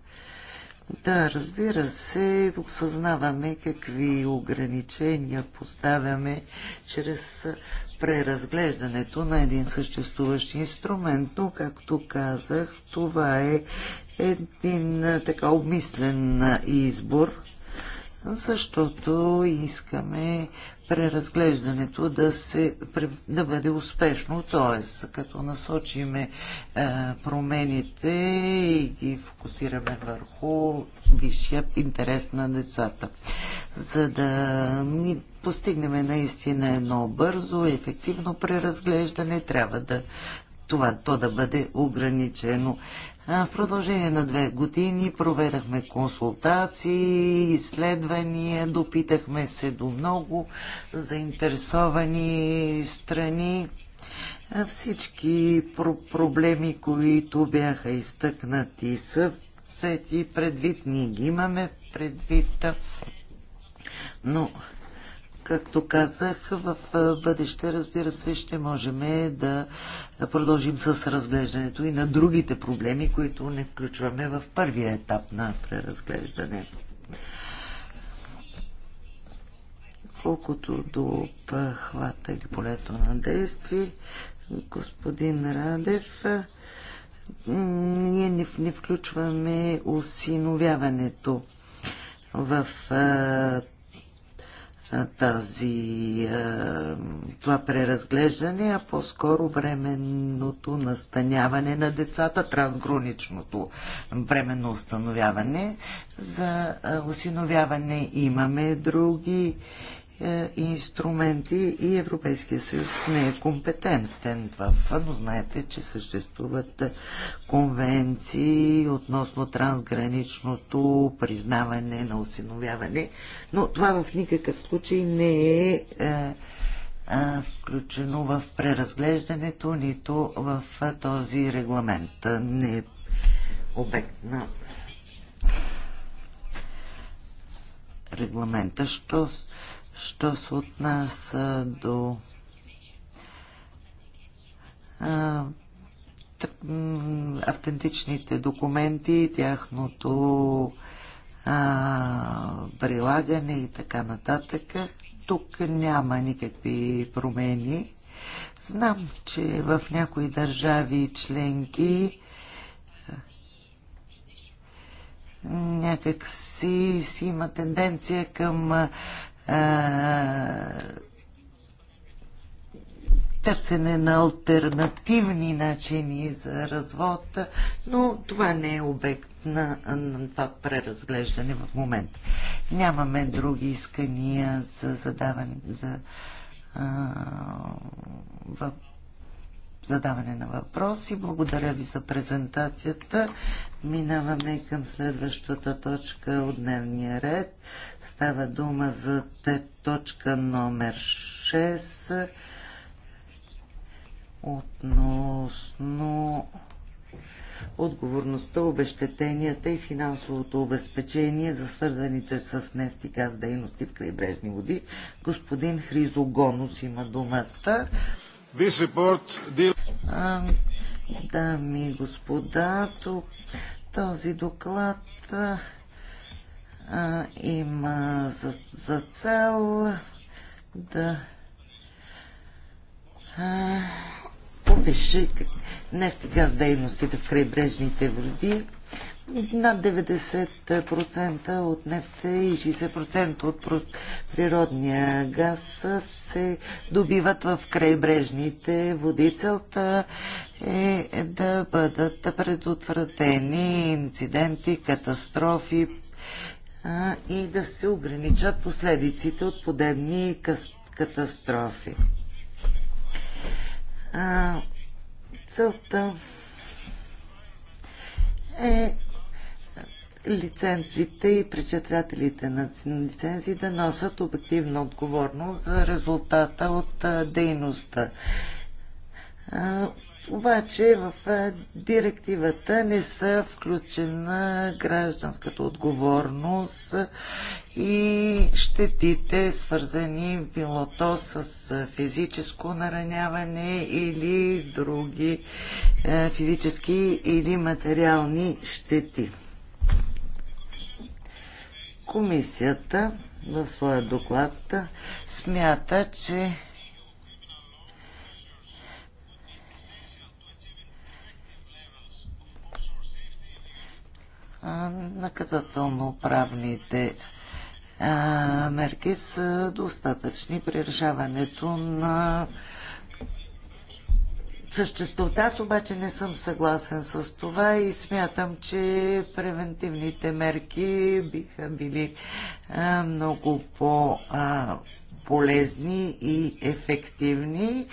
A: Да, разбира се, осъзнаваме какви ограничения поставяме чрез преразглеждането на един съществуващ инструмент, но, както казах, това е един така обмислен избор, защото искаме преразглеждането да, се, да бъде успешно, т.е. като насочиме е, промените и ги фокусираме върху висшия интерес на децата. За да ни постигнем наистина едно бързо, ефективно преразглеждане, трябва да това то да бъде ограничено. В продължение на две години проведахме консултации, изследвания, допитахме се до много заинтересовани страни. Всички про- проблеми, които бяха изтъкнати, са взети предвид. Ние ги имаме предвид. Но както казах, в бъдеще, разбира се, ще можем да продължим с разглеждането и на другите проблеми, които не включваме в първия етап на преразглеждане. Колкото до хвата или полето на действие, господин Радев, ние не, не включваме осиновяването в тази, това преразглеждане, а по-скоро временното настаняване на децата, трансграничното временно установяване. За осиновяване имаме други е, инструменти и Европейския съюз не е компетентен в, но знаете, че съществуват конвенции относно трансграничното признаване на осиновяване, но това в никакъв случай не е, е включено в преразглеждането, нито в този регламент. Не е обект на регламента. Що що се отнася до а, автентичните документи, тяхното а, прилагане и така нататък. Тук няма никакви промени. Знам, че в някои държави членки някак си, си има тенденция към търсене на альтернативни начини за развод, но това не е обект на, на това преразглеждане в момента. Нямаме други искания за задаване, за, а, в, задаване на въпроси. Благодаря ви за презентацията. Минаваме към следващата точка от дневния ред. Става дума за точка номер 6 относно отговорността, обещетенията и финансовото обезпечение за свързаните с нефт и газ дейности в крайбрежни води. Господин Хризогонус има думата. This report deal... а, дами и господа, тук, този доклад а, а, има за, за цел да а, повиши нефт газ дейностите в крайбрежните води. Над 90% от нефта и 60% от природния газ се добиват в крайбрежните води. Целта е да бъдат предотвратени инциденти, катастрофи, а, и да се ограничат последиците от подебни катастрофи. А, целта е лицензите и причетрателите на лицензи да носят обективна отговорност за резултата от дейността обаче в директивата не са включена гражданската отговорност и щетите, свързани било то с физическо нараняване или други физически или материални щети. Комисията в своя доклад смята, че наказателно-правните мерки са достатъчни при решаването на съществото. Аз обаче не съм съгласен с това и смятам, че превентивните мерки биха били а, много по- полезни и ефективни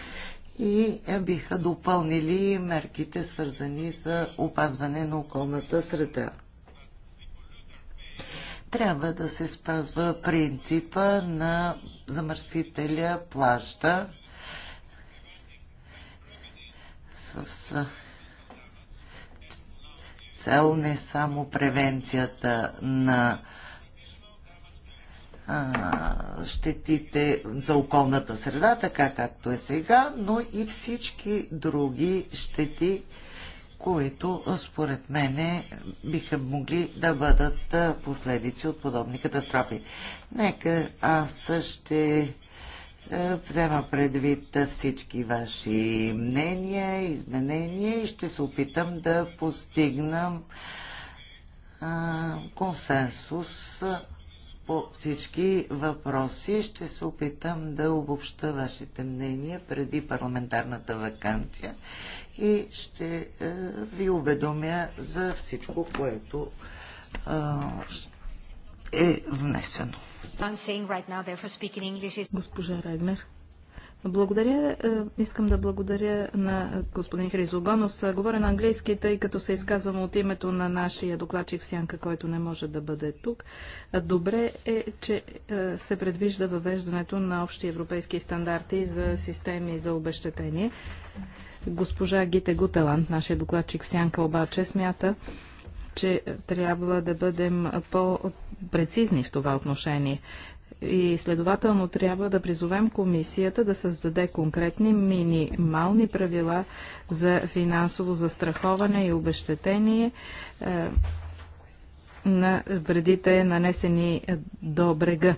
A: и биха допълнили мерките свързани за опазване на околната среда трябва да се спазва принципа на замърсителя плаща с цел не само превенцията на щетите за околната среда, така както е сега, но и всички други щети, които според мене биха могли да бъдат последици от подобни катастрофи. Нека аз ще взема предвид всички ваши мнения, изменения и ще се опитам да постигнам консенсус по всички въпроси. Ще се опитам да обобща вашите мнения преди парламентарната вакансия и ще е, ви уведомя за всичко, което е, е внесено.
B: Госпожа Регнер, Благодаря. Е, искам да благодаря на господин Хризогонос. Говоря на английски, тъй като се изказвам от името на нашия докладчик Сянка, който не може да бъде тук. Добре е, че се предвижда въвеждането на общи европейски стандарти за системи за обещетение. Госпожа Гите Гутеланд, нашия докладчик Сянка, обаче смята, че трябва да бъдем по-прецизни в това отношение. И следователно трябва да призовем комисията да създаде конкретни минимални правила за финансово застраховане и обещетение е, на вредите нанесени до брега.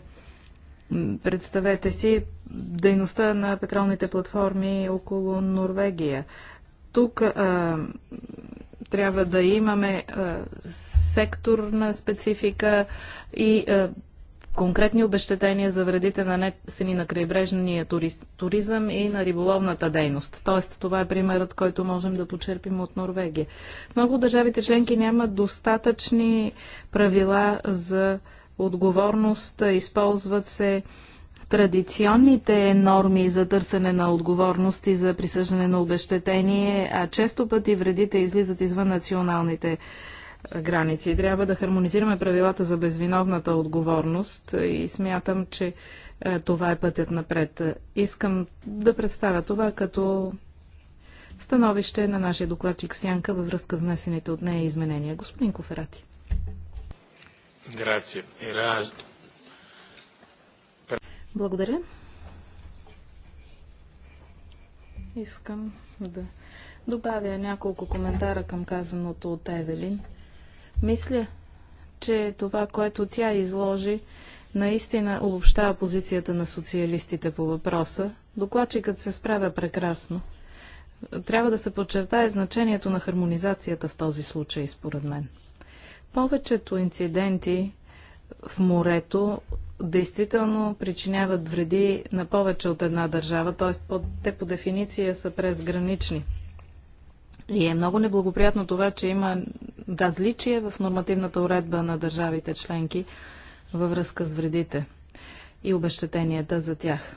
B: Представете си дейността на петролните платформи около Норвегия. Тук а, трябва да имаме а, секторна специфика и а, конкретни обещетения за вредите на несени на крайбрежния туризъм и на риболовната дейност. Тоест, това е примерът, който можем да почерпим от Норвегия. Много държавите членки нямат достатъчни правила за а, отговорност, използват се традиционните норми за търсене на отговорност и за присъждане на обещетение, а често пъти вредите излизат извън националните граници. Трябва да хармонизираме правилата за безвиновната отговорност и смятам, че е, това е пътят напред. Искам да представя това като становище на нашия докладчик Сянка във връзка с внесените от нея изменения. Господин Коферати. Благодаря. Искам да добавя няколко коментара към казаното от Евелин. Мисля, че това, което тя изложи, наистина обобщава позицията на социалистите по въпроса. Докладчикът се справя прекрасно. Трябва да се подчертае значението на хармонизацията в този случай, според мен. Повечето инциденти в морето действително причиняват вреди на повече от една държава, т.е. те по дефиниция са презгранични. И е много неблагоприятно това, че има различие в нормативната уредба на държавите членки във връзка с вредите и обещетенията за тях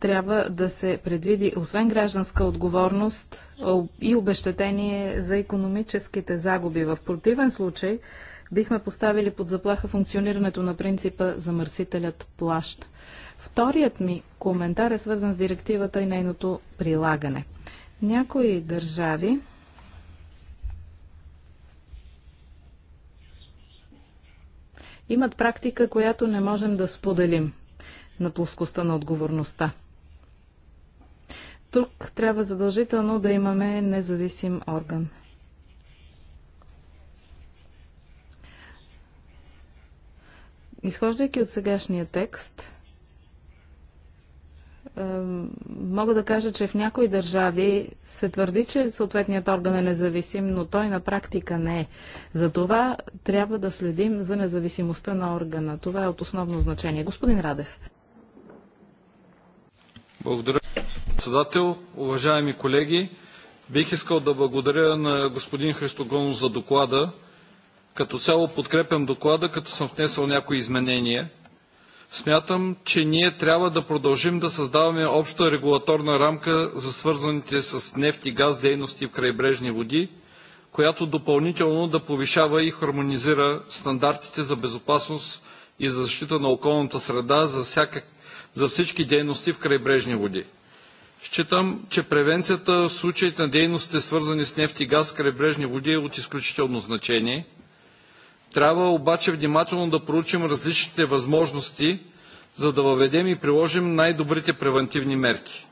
B: трябва да се предвиди, освен гражданска отговорност, и обещетение за економическите загуби. В противен случай бихме поставили под заплаха функционирането на принципа замърсителят плаща. Вторият ми коментар е свързан с директивата и нейното прилагане. Някои държави имат практика, която не можем да споделим на плоскостта на отговорността тук трябва задължително да имаме независим орган. Изхождайки от сегашния текст, е, мога да кажа, че в някои държави се твърди, че съответният орган е независим, но той на практика не е. Затова трябва да следим за независимостта на органа. Това е от основно значение. Господин Радев.
D: Благодаря. Председател, уважаеми колеги, бих искал да благодаря на господин Христогонов за доклада. Като цяло подкрепям доклада, като съм внесъл някои изменения. Смятам, че ние трябва да продължим да създаваме обща регулаторна рамка за свързаните с нефт и газ дейности в крайбрежни води, която допълнително да повишава и хармонизира стандартите за безопасност и за защита на околната среда за, всяка, за всички дейности в крайбрежни води. Считам, че превенцията в случаите на дейностите, свързани с нефт и газ в крайбрежни води, е от изключително значение. Трябва обаче внимателно да проучим различните възможности, за да въведем и приложим най-добрите превентивни мерки.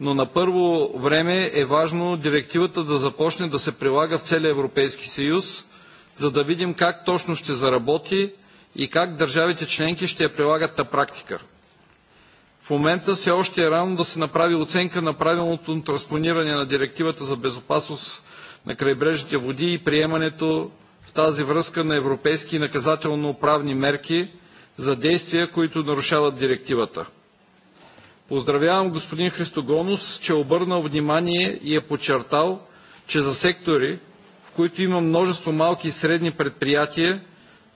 D: Но на първо време е важно директивата да започне да се прилага в целия Европейски съюз, за да видим как точно ще заработи и как държавите членки ще я прилагат на практика. В момента все още е рано да се направи оценка на правилното транспониране на Директивата за безопасност на крайбрежните води и приемането в тази връзка на европейски наказателно-правни мерки за действия, които нарушават Директивата. Поздравявам господин Христогонус, че е обърнал внимание и е подчертал, че за сектори, в които има множество малки и средни предприятия,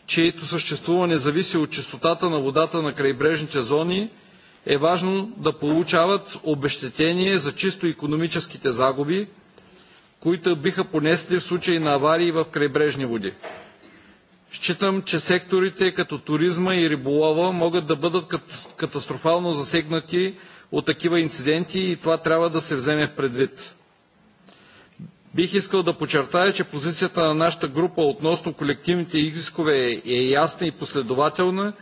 D: чието съществуване зависи от чистотата на водата на крайбрежните зони – е важно да получават обещетение за чисто економическите загуби, които биха понесли в случай на аварии в крайбрежни води. Считам, че секторите като туризма и риболова могат да бъдат катастрофално засегнати от такива инциденти и това трябва да се вземе в предвид. Бих искал да подчертая, че позицията на нашата група относно колективните изискове е, е ясна и последователна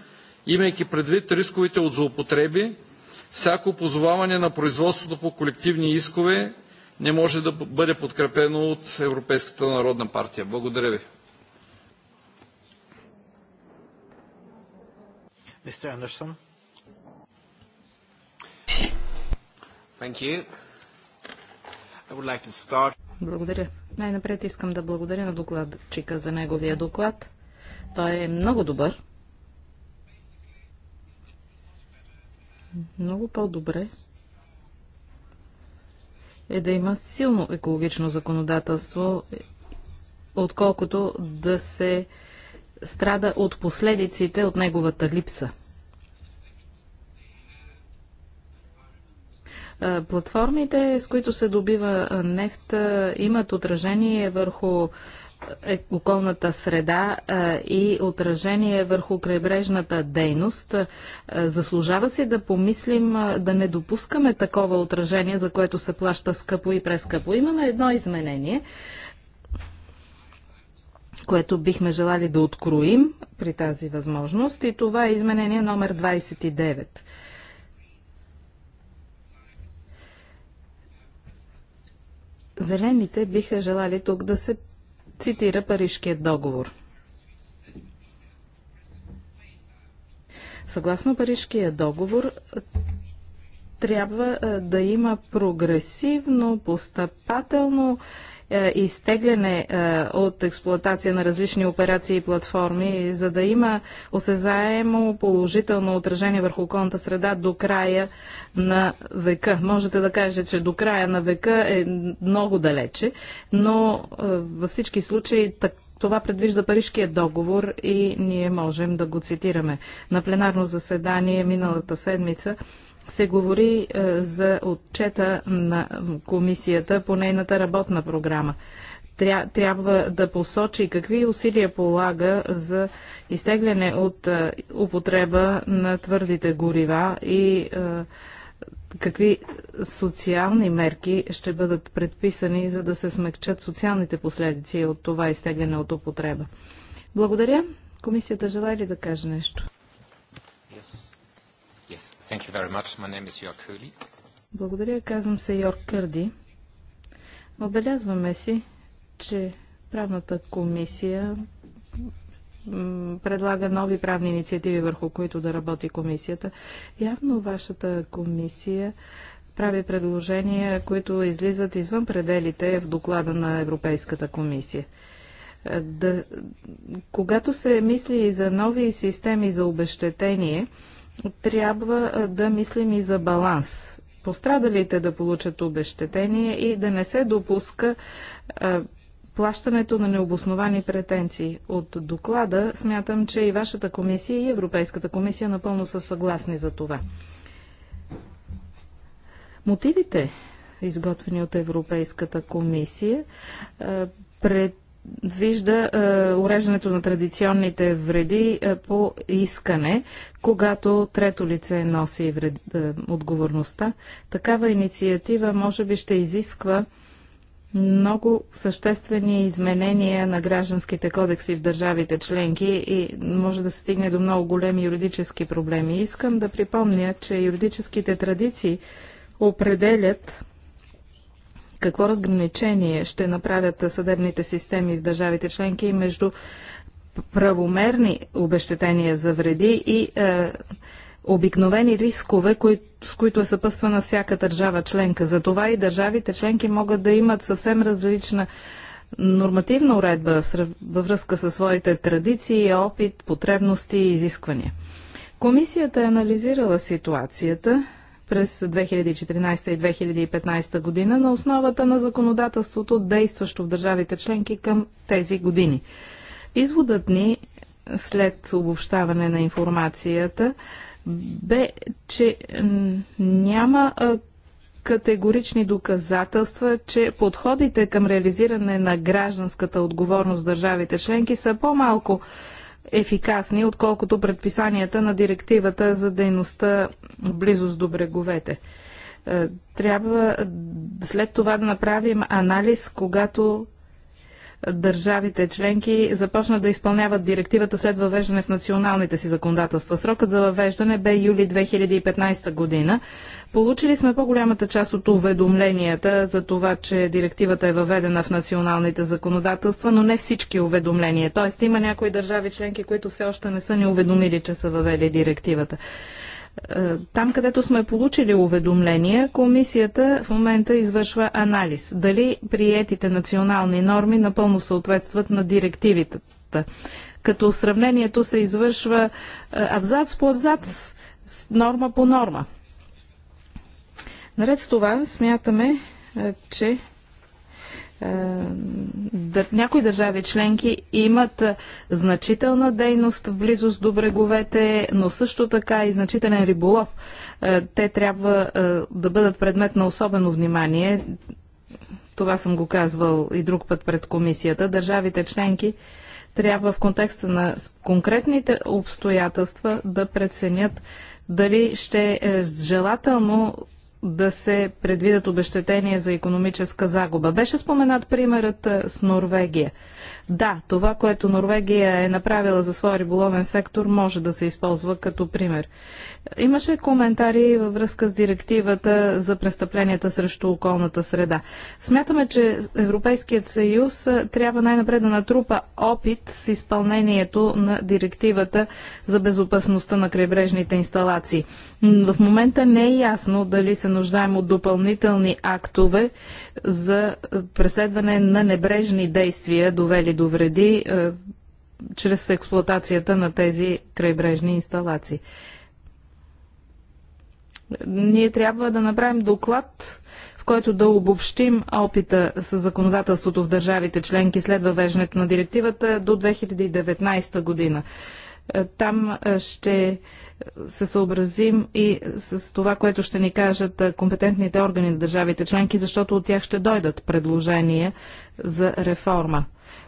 D: имайки предвид рисковете от злоупотреби, всяко позоваване на производството по колективни искове не може да бъде подкрепено от Европейската народна партия. Благодаря ви.
A: Thank you.
C: I would like to start...
B: Благодаря. Най-напред искам да благодаря на докладчика за неговия доклад. Той е много добър. много по-добре е да има силно екологично законодателство, отколкото да се страда от последиците от неговата липса. Платформите, с които се добива нефт, имат отражение върху е, околната среда е, и отражение върху крайбрежната дейност. Е, заслужава си да помислим да не допускаме такова отражение, за което се плаща скъпо и прескъпо. Имаме едно изменение, което бихме желали да откроим при тази възможност и това е изменение номер 29. Зелените биха желали тук да се цитира Парижкият договор. Съгласно Парижкия договор, трябва да има прогресивно, постъпателно е, изтегляне е, от експлуатация на различни операции и платформи, за да има осезаемо положително отражение върху околната среда до края на века. Можете да кажете, че до края на века е много далече, но е, във всички случаи така това предвижда Парижкият договор и ние можем да го цитираме. На пленарно заседание миналата седмица се говори е, за отчета на комисията по нейната работна програма. трябва да посочи какви усилия полага за изтегляне от е, употреба на твърдите горива и е, какви социални мерки ще бъдат предписани, за да се смекчат социалните последици от това изтегляне от употреба. Благодаря. Комисията желая ли да каже нещо?
D: Yes, thank you very much. My name is York Curly.
B: Благодаря, казвам се Йорк Кърди. Обелязваме си, че правната комисия предлага нови правни инициативи, върху които да работи комисията. Явно вашата комисия прави предложения, които излизат извън пределите в доклада на Европейската комисия. Е, да, когато се мисли и за нови системи за обещетение, трябва да мислим и за баланс. Пострадалите да получат обещетение и да не се допуска а, плащането на необосновани претенции. От доклада смятам, че и вашата комисия и Европейската комисия напълно са съгласни за това. Мотивите, изготвени от Европейската комисия, пред вижда е, уреждането на традиционните вреди е, по искане, когато трето лице носи вред, е, отговорността. Такава инициатива може би ще изисква много съществени изменения на гражданските кодекси в държавите членки и може да се стигне до много големи юридически проблеми. Искам да припомня, че юридическите традиции определят какво разграничение ще направят съдебните системи в държавите членки между правомерни обещетения за вреди и е, обикновени рискове, кои, с които е съпъствана всяка държава членка. Затова и държавите членки могат да имат съвсем различна нормативна уредба във връзка със своите традиции, опит, потребности и изисквания. Комисията е анализирала ситуацията през 2014 и 2015 година на основата на законодателството, действащо в държавите членки към тези години. Изводът ни след обобщаване на информацията бе, че няма категорични доказателства, че подходите към реализиране на гражданската отговорност държавите членки са по-малко ефикасни, отколкото предписанията на директивата за дейността близост до бреговете. Е, трябва след това да направим анализ, когато държавите членки започнат да изпълняват директивата след въвеждане в националните си законодателства. Срокът за въвеждане бе юли 2015 година. Получили сме по-голямата част от уведомленията за това, че директивата е въведена в националните законодателства, но не всички уведомления. Тоест има някои държави членки, които все още не са ни уведомили, че са въвели директивата. Е, там, където сме получили уведомление, комисията в момента извършва анализ. Дали приетите национални норми напълно съответстват на директивите. Като сравнението се извършва е, абзац по абзац, норма по норма. Наред с това смятаме, е, че е, някои държави членки имат е, значителна дейност в близост до бреговете, но също така и значителен риболов. Е, те трябва да бъдат предмет на особено внимание. Това съм го казвал и друг път пред комисията. Държавите членки трябва в контекста на конкретните обстоятелства да преценят дали ще е желателно да се предвидят обещетения за економическа загуба. Беше споменат примерът с Норвегия. Да, това, което Норвегия е направила за своя риболовен сектор, може да се използва като пример. Имаше коментари във връзка с директивата за престъпленията срещу околната среда. Смятаме, че Европейският съюз трябва най-напред да натрупа опит с изпълнението на директивата за безопасността на крайбрежните инсталации. В момента не е ясно дали се нуждаем от допълнителни актове за преследване на небрежни действия, довели предупреди е, чрез експлуатацията на тези крайбрежни инсталации. Ние трябва да направим доклад, в който да обобщим опита с законодателството в държавите членки след въвеждането на директивата до 2019 година. Е, там е, ще се съобразим и с това, което ще ни кажат е, компетентните органи на държавите членки, защото от тях ще дойдат предложения за реформа.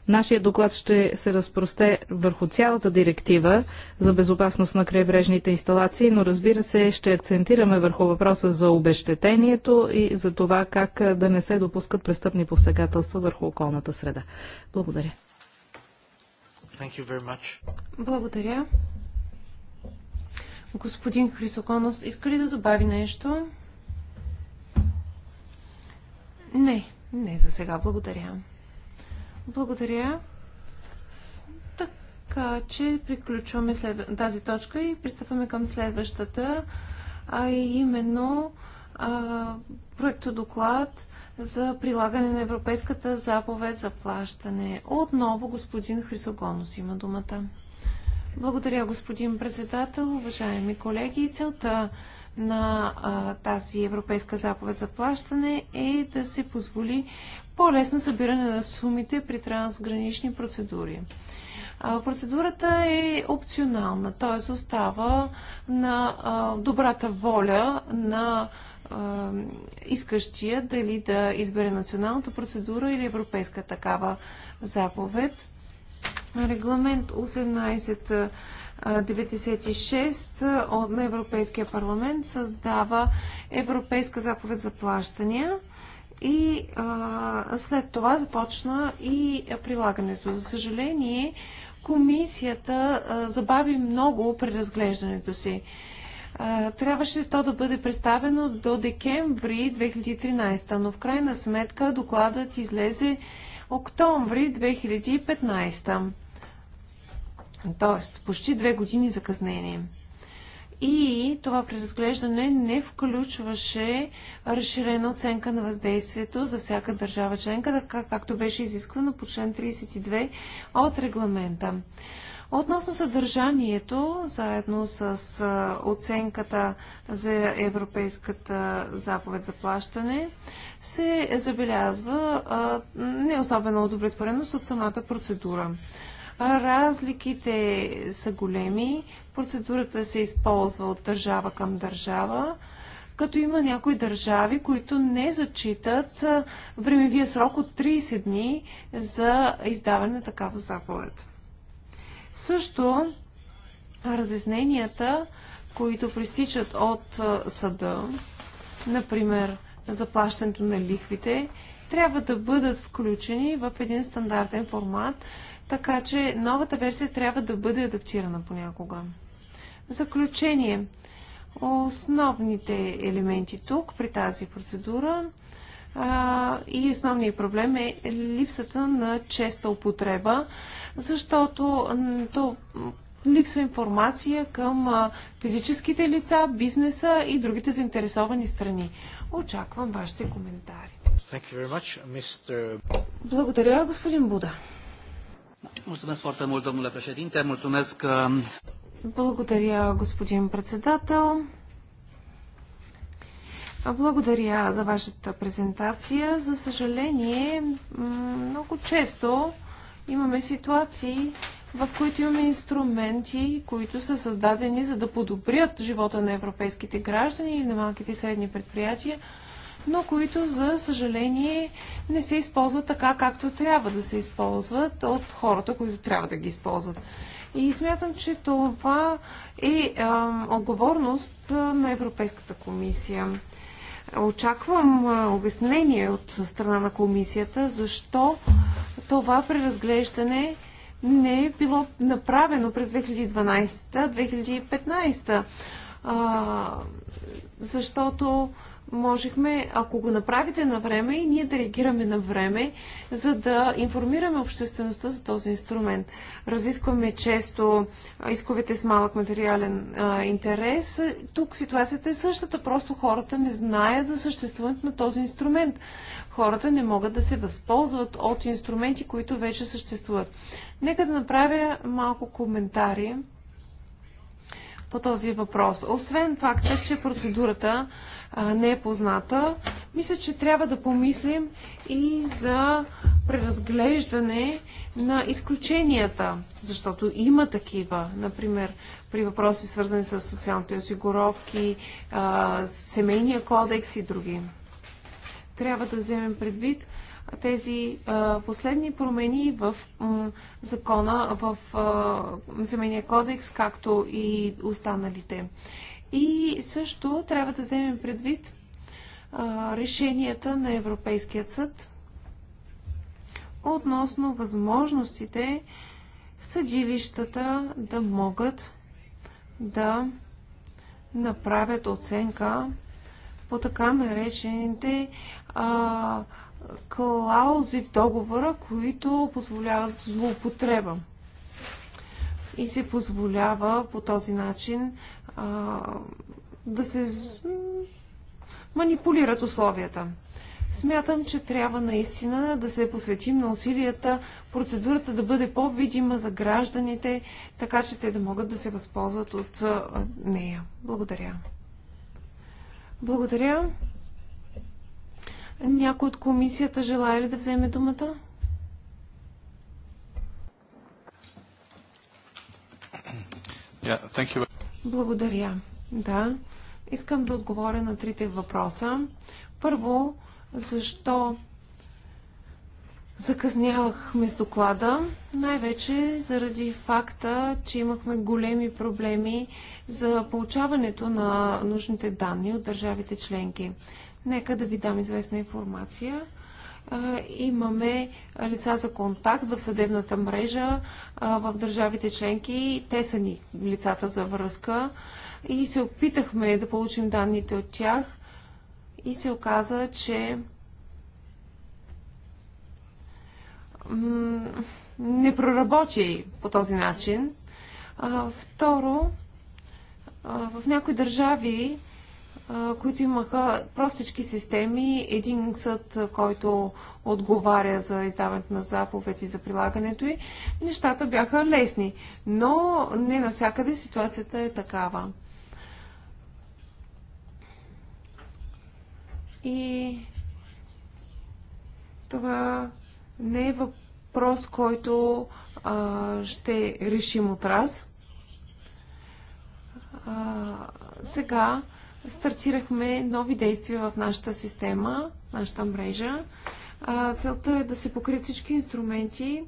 B: Нашия доклад ще се разпросте върху цялата директива за безопасност на крайбрежните инсталации, но разбира се ще акцентираме върху въпроса за обещетението и за това как да не се допускат престъпни посегателства върху околната среда. Благодаря.
D: Thank you very much.
C: Благодаря. Господин Хрисоконос, иска ли да добави нещо? Не, не за сега. Благодаря. Благодаря. Така че приключваме след... тази точка и пристъпваме към следващата, а именно а, проектодоклад доклад за прилагане на Европейската заповед за плащане. Отново господин Хрисогонос има думата. Благодаря, господин председател, уважаеми колеги. Целта на а, тази Европейска заповед за плащане е да се позволи по-лесно събиране на сумите при трансгранични процедури. А, процедурата е опционална, т.е. остава на а, добрата воля на искащия дали да избере националната процедура или европейска такава заповед. Регламент 1896 на Европейския парламент създава Европейска заповед за плащания и а, след това започна и прилагането. За съжаление, комисията а, забави много при разглеждането си трябваше то да бъде представено до декември 2013, но в крайна сметка докладът излезе октомври 2015. Тоест, почти две години закъснение. И това преразглеждане не включваше разширена оценка на въздействието за всяка държава членка, така както беше изисквано по член 32 от регламента. Относно съдържанието, заедно с оценката за Европейската заповед за плащане, се забелязва не особена удовлетвореност от самата процедура. Разликите са големи, процедурата се използва от държава към държава, като има някои държави, които не зачитат времевия срок от 30 дни за издаване на такава заповед. Също разясненията, които пристичат от съда, например заплащането на лихвите, трябва да бъдат включени в един стандартен формат, така че новата версия трябва да бъде адаптирана понякога. заключение, основните елементи тук при тази процедура а, и основният проблем е липсата на честа употреба защото то липсва информация към физическите лица, бизнеса и другите заинтересовани страни. Очаквам вашите коментари.
A: Much, Mr...
C: Благодаря, господин Буда.
A: foarte mult, domnule președinte.
C: Благодаря, господин председател. Благодаря за вашата презентация. За съжаление, много често имаме ситуации, в които имаме инструменти, които са създадени за да подобрят живота на европейските граждани или на малките и средни предприятия, но които, за съжаление, не се използват така, както трябва да се използват от хората, които трябва да ги използват. И смятам, че това е отговорност на Европейската комисия. Очаквам обяснение от страна на комисията, защо това преразглеждане не е било направено през 2012-2015, защото можехме, ако го направите на време и ние да реагираме на време, за да информираме обществеността за този инструмент. Разискваме често исковете с малък материален а, интерес. Тук ситуацията е същата, просто хората не знаят за съществуването на този инструмент. Хората не могат да се възползват от инструменти, които вече съществуват. Нека да направя малко коментари по този въпрос. Освен факта, че процедурата а, не е позната, мисля, че трябва да помислим и за преразглеждане на изключенията, защото има такива, например, при въпроси свързани с социалните осигуровки, а, семейния кодекс и други. Трябва да вземем предвид, тези а, последни промени в м, закона, в а, земения кодекс, както и останалите. И също трябва да вземем предвид а, решенията на Европейският съд относно възможностите съдилищата да могат да направят оценка по така наречените а, клаузи в договора, които позволяват злоупотреба. И се позволява по този начин а, да се манипулират условията. Смятам, че трябва наистина да се посветим на усилията процедурата да бъде по-видима за гражданите, така че те да могат да се възползват от нея. Благодаря. Благодаря. Някой от комисията желая ли да вземе думата? Благодаря. Да. Искам да отговоря на трите въпроса. Първо, защо закъснявахме с доклада, най-вече заради факта, че имахме големи проблеми за получаването на нужните данни от държавите членки. Нека да ви дам известна информация. Имаме лица за контакт в съдебната мрежа в държавите членки. Те са ни лицата за връзка и се опитахме да получим данните от тях и се оказа, че не проработи по този начин. Второ, в някои държави които имаха простички системи. Един съд, който отговаря за издаването на заповед и за прилагането й, нещата бяха лесни. Но не навсякъде ситуацията е такава. И това не е въпрос, който а, ще решим от раз. А, сега стартирахме нови действия в нашата система, нашата мрежа. Целта е да се покрият всички инструменти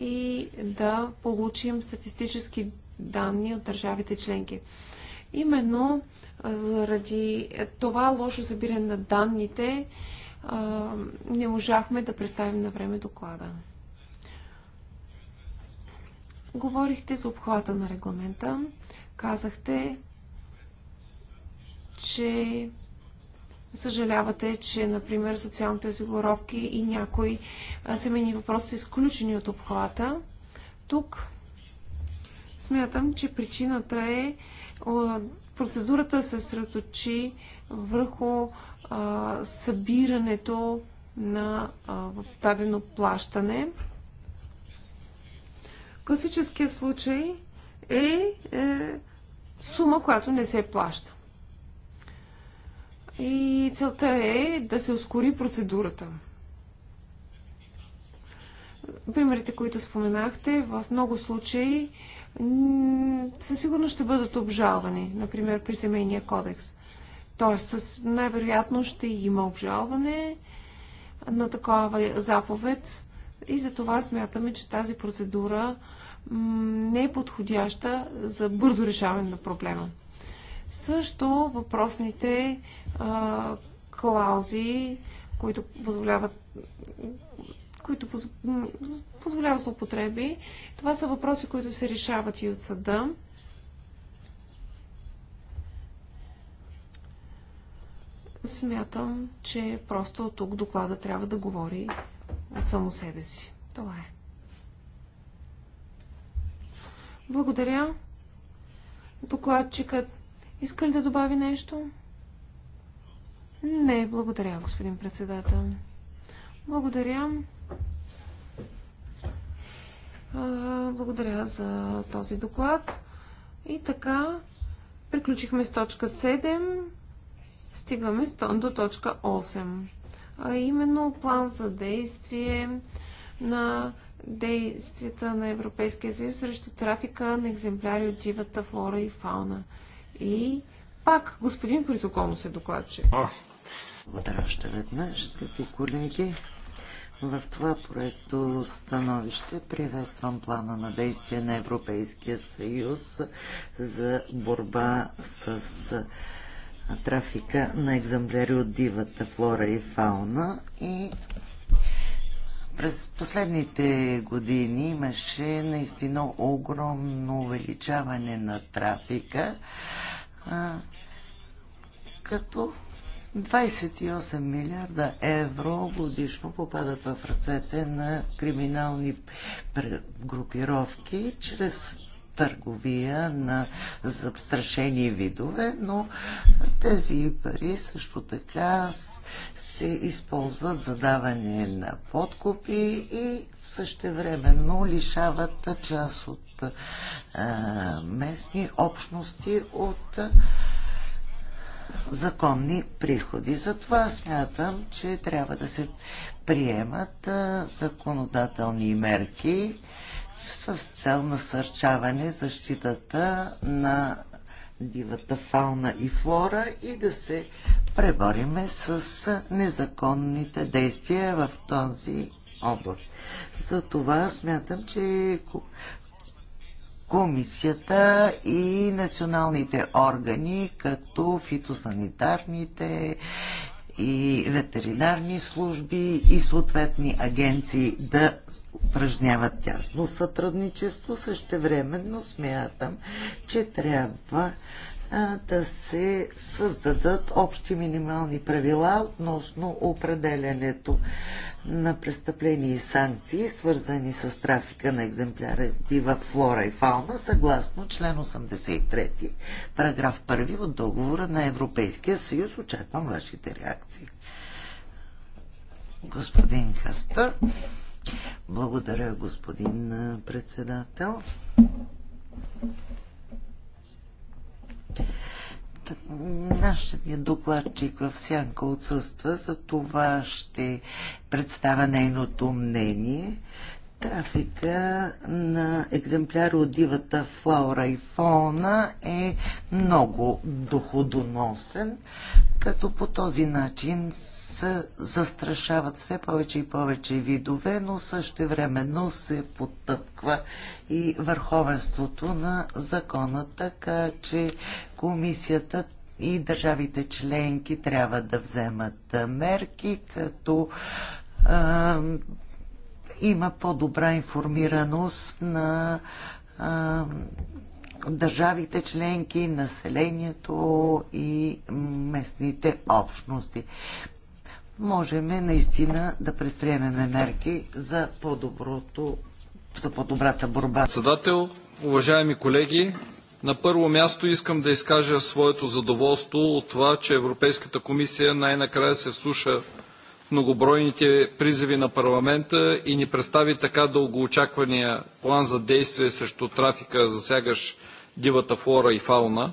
C: и да получим статистически данни от държавите членки. Именно заради това лошо събиране на данните не можахме да представим на време доклада. Говорихте за обхвата на регламента, казахте че съжалявате, че, например, социалните осигуровки и някои семейни въпроси са изключени от обхвата. Тук смятам, че причината е процедурата се средочи върху а, събирането на а, дадено плащане. Класическият случай е, е сума, която не се плаща. И целта е да се ускори процедурата. Примерите, които споменахте, в много случаи със сигурност ще бъдат обжалвани, например при семейния кодекс. Тоест, най-вероятно ще има обжалване на такава заповед и за това смятаме, че тази процедура не е подходяща за бързо решаване на проблема. Също въпросните а, клаузи, които позволяват които позволяват злоупотреби. Това са въпроси, които се решават и от съда. Смятам, че просто тук доклада трябва да говори от само себе си. Това е. Благодаря. Докладчикът иска ли да добави нещо? Не, благодаря, господин председател. Благодаря. Благодаря за този доклад. И така, приключихме с точка 7, стигаме до точка 8, а именно план за действие на действията на Европейския съюз срещу трафика на екземпляри от дивата флора и фауна. И пак господин Кризоконус се докладчик.
A: Благодаря веднъж, скъпи колеги. В това проекто становище приветствам плана на действие на Европейския съюз за борба с трафика на екземпляри от дивата флора и фауна и през последните години имаше наистина огромно увеличаване на трафика, а, като 28 милиарда евро годишно попадат в ръцете на криминални групировки чрез търговия на застрашени видове, но тези пари също така се използват за даване на подкупи и същевременно лишават част от а, местни общности от законни приходи. Затова смятам, че трябва да се приемат законодателни мерки с цел насърчаване защитата на дивата фауна и флора и да се пребориме с незаконните действия в този област. За това смятам, че комисията и националните органи, като фитосанитарните и ветеринарни служби и съответни агенции да упражняват тясно сътрудничество. Същевременно смятам, че трябва да се създадат общи минимални правила относно определянето на престъпления и санкции, свързани с трафика на екземпляри в флора и фауна, съгласно член 83, параграф 1 от договора на Европейския съюз. Очаквам вашите реакции. Господин Кастър. Благодаря, господин председател. Нашият докладчик в Сянка отсъства, за това ще представя нейното мнение. Трафика на екземпляри от дивата флаура и фона е много доходоносен като по този начин се застрашават все повече и повече видове, но също времено се потъпква и върховенството на закона, така че комисията и държавите членки трябва да вземат мерки, като а, има по-добра информираност на а, държавите членки, населението и местните общности. Можеме наистина да предприемем мерки за по-доброто за по-добрата борба.
D: Председател, уважаеми колеги, на първо място искам да изкажа своето задоволство от това, че Европейската комисия най-накрая се вслуша многобройните призиви на парламента и ни представи така дългоочаквания план за действие срещу трафика, засягащ дивата флора и фауна.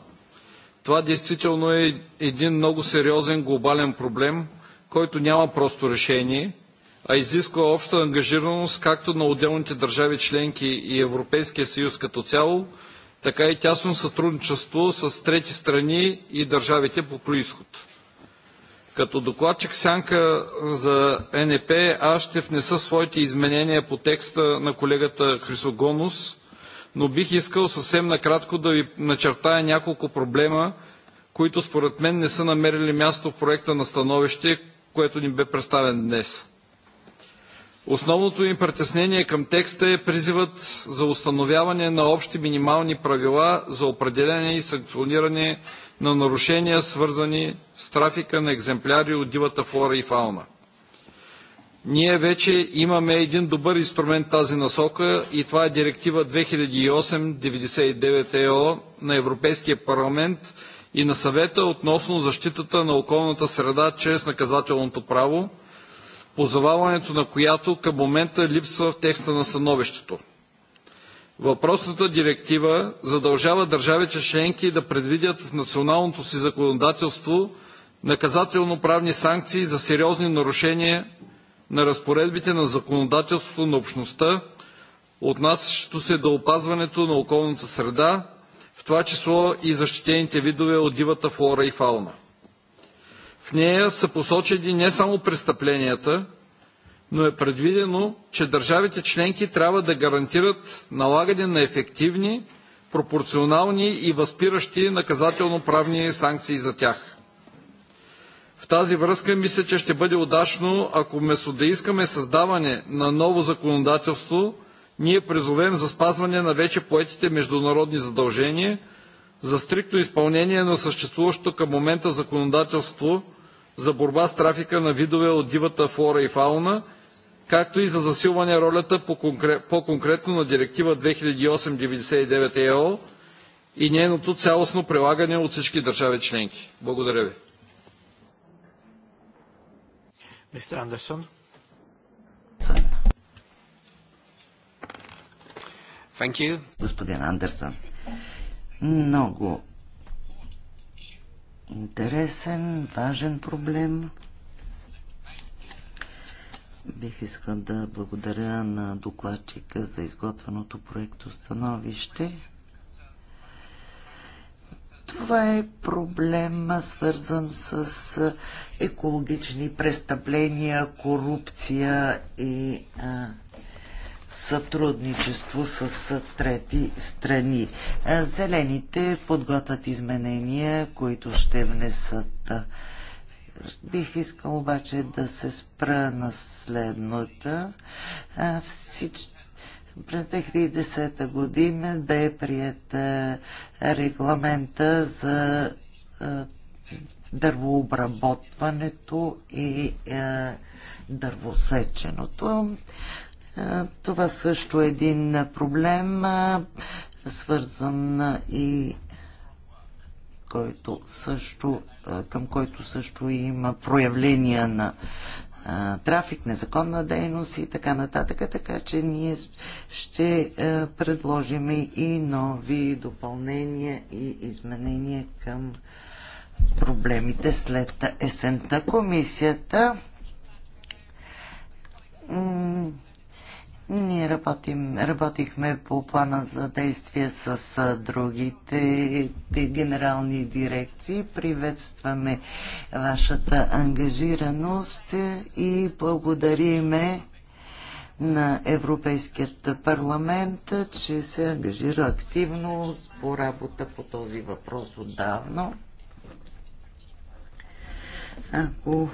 D: Това действително е един много сериозен глобален проблем, който няма просто решение, а изисква обща ангажираност както на отделните държави членки и Европейския съюз като цяло, така и тясно сътрудничество с трети страни и държавите по происход. Като докладчик сянка за НП, аз ще внеса своите изменения по текста на колегата Хрисогонус, но бих искал съвсем накратко да ви начертая няколко проблема, които според мен не са намерили място в проекта на становище, което ни бе представен днес. Основното им притеснение към текста е призивът за установяване на общи минимални правила за определяне и санкциониране на нарушения, свързани с трафика на екземпляри от дивата флора и фауна. Ние вече имаме един добър инструмент тази насока и това е директива 2008-99 ЕО на Европейския парламент и на съвета относно защитата на околната среда чрез наказателното право, позоваването на която към момента липсва в текста на становището. Въпросната директива задължава държавите членки да предвидят в националното си законодателство наказателно-правни санкции за сериозни нарушения на разпоредбите на законодателството на общността, отнасящо се до опазването на околната среда, в това число и защитените видове от дивата флора и фауна. В нея са посочени не само престъпленията, но е предвидено, че държавите членки трябва да гарантират налагане на ефективни, пропорционални и възпиращи наказателно-правни санкции за тях. В тази връзка мисля, че ще бъде удачно, ако вместо да искаме създаване на ново законодателство, ние призовем за спазване на вече поетите международни задължения за стрикто изпълнение на съществуващото към момента законодателство за борба с трафика на видове от дивата флора и фауна както и за засилване ролята по-конкретно на Директива 2008/99/ЕО и нейното цялостно прилагане от всички държави членки. Благодаря ви. Мистер Андерсон. Thank you.
A: Господин Андерсон, Много интересен, важен проблем. Бих искал да благодаря на докладчика за изготвеното проекто становище. Това е проблем, свързан с екологични престъпления, корупция и а, сътрудничество с трети страни. Зелените подготвят изменения, които ще внесат Бих искал обаче да се спра на следната. Всич... През 2010 година бе прият регламента за дървообработването и дървосеченото. Това също е един проблем, свързан и който също, към който също има проявления на трафик, незаконна дейност и така нататък. Така че ние ще предложим и нови допълнения и изменения към проблемите след есента. Комисията ние работим, работихме по плана за действие с другите генерални дирекции. Приветстваме вашата ангажираност и благодариме на Европейският парламент, че се ангажира активно по работа по този въпрос отдавно. Ако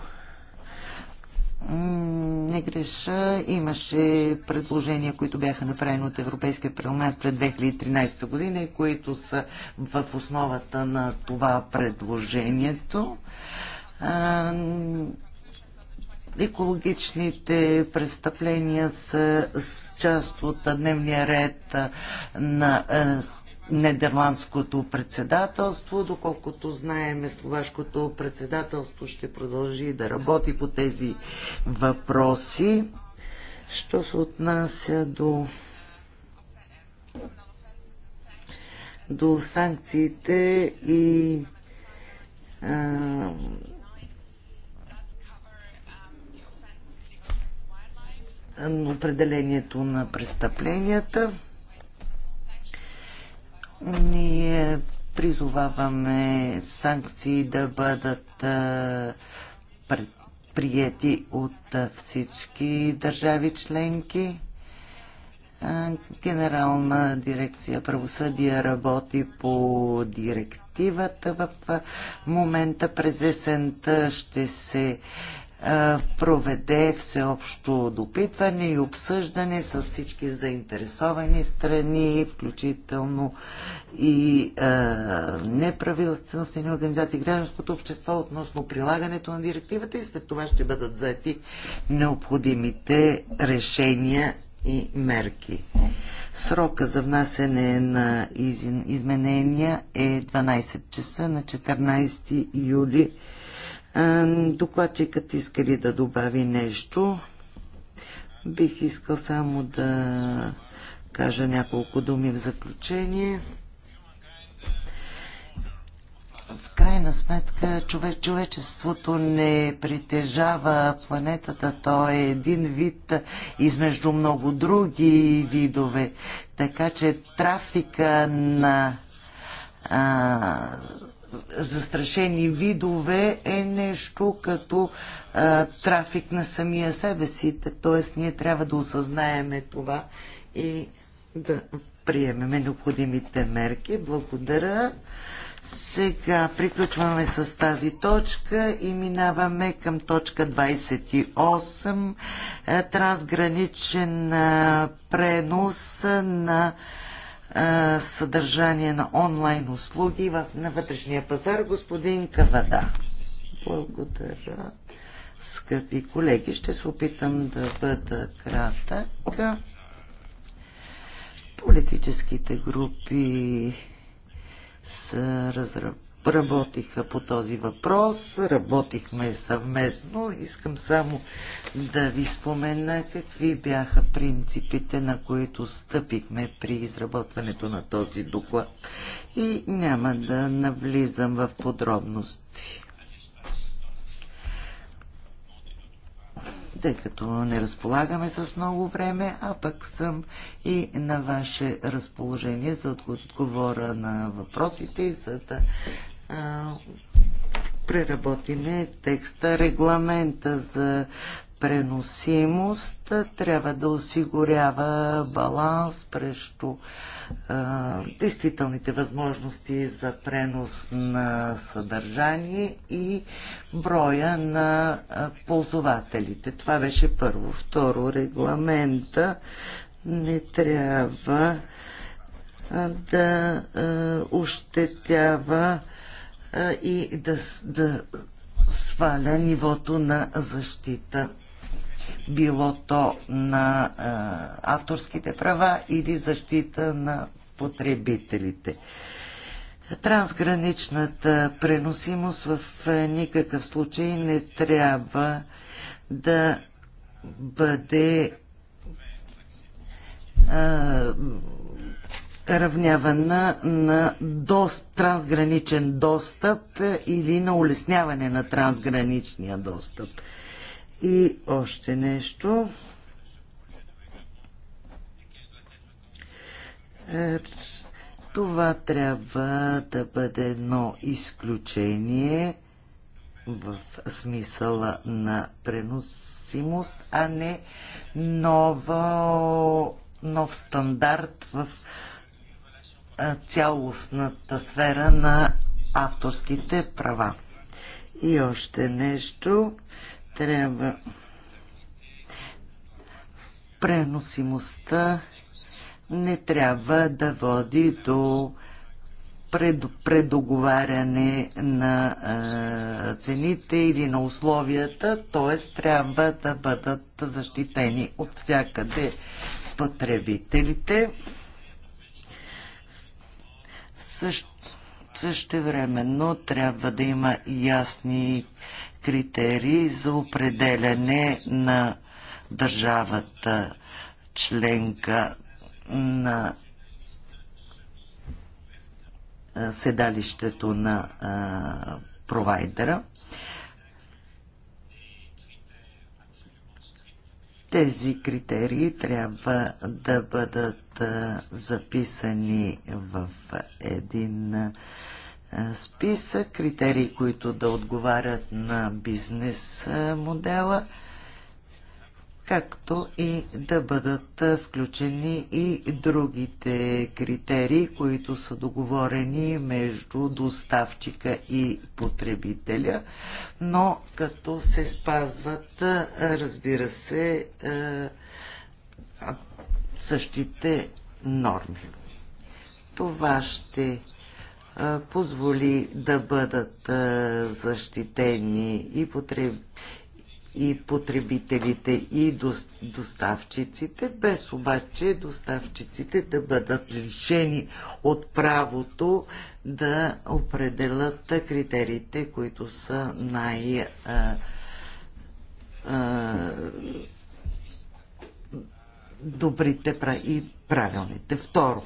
A: не греша, имаше предложения, които бяха направени от Европейския парламент пред 2013 година и които са в основата на това предложението. Екологичните престъпления са част от дневния ред на е, нидерландското председателство. Доколкото знаеме, словашкото председателство ще продължи да работи по тези въпроси. Що се отнася до до санкциите и а, определението на престъпленията. Ние призоваваме санкции да бъдат прияти от всички държави членки. Генерална дирекция правосъдие работи по директивата. В момента през есента ще се проведе всеобщо допитване и обсъждане с всички заинтересовани страни, включително и е, неправителствени организации, гражданското общество относно прилагането на директивата и след това ще бъдат заети необходимите решения и мерки. Срока за внасене на изменения е 12 часа на 14 юли Докладчикът иска ли да добави нещо? Бих искал само да кажа няколко думи в заключение. В крайна сметка човек, човечеството не притежава планетата. То е един вид измежду много други видове. Така че трафика на а, застрашени видове е нещо като а, трафик на самия себе си. Т.е. ние трябва да осъзнаеме това и да приемеме необходимите мерки. Благодаря. Сега приключваме с тази точка и минаваме към точка 28. Е, трансграничен пренос на съдържание на онлайн услуги в, на вътрешния пазар, господин Кавада. Благодаря, скъпи колеги. Ще се опитам да бъда кратък. Политическите групи са разработени работиха по този въпрос, работихме съвместно. Искам само да ви спомена какви бяха принципите, на които стъпихме при изработването на този доклад. И няма да навлизам в подробности. тъй като не разполагаме с много време, а пък съм и на ваше разположение за да отговоря на въпросите и за да преработиме текста. Регламента за преносимост трябва да осигурява баланс прещу а, действителните възможности за пренос на съдържание и броя на а, ползвателите. Това беше първо. Второ, регламента не трябва а, да а, ощетява и да, да сваля нивото на защита, било то на авторските права или защита на потребителите. Трансграничната преносимост в никакъв случай не трябва да бъде равнявана на дост, трансграничен достъп е, или на улесняване на трансграничния достъп. И още нещо. Е, това трябва да бъде едно изключение в смисъла на преносимост, а не ново, нов стандарт в е, цялостната сфера на авторските права. И още нещо трябва преносимостта не трябва да води до пред, предоговаряне на е, цените или на условията, т.е. трябва да бъдат защитени от всякъде потребителите. Също но трябва да има ясни критерии за определяне на държавата членка на седалището на провайдера. Тези критерии трябва да бъдат записани в един списък, критерии, които да отговарят на бизнес модела както и да бъдат включени и другите критерии, които са договорени между доставчика и потребителя, но като се спазват, разбира се, същите норми. Това ще позволи да бъдат защитени и, потреб и потребителите и доставчиците, без обаче доставчиците да бъдат лишени от правото да определят критериите, които са най- добрите и правилните. Второ,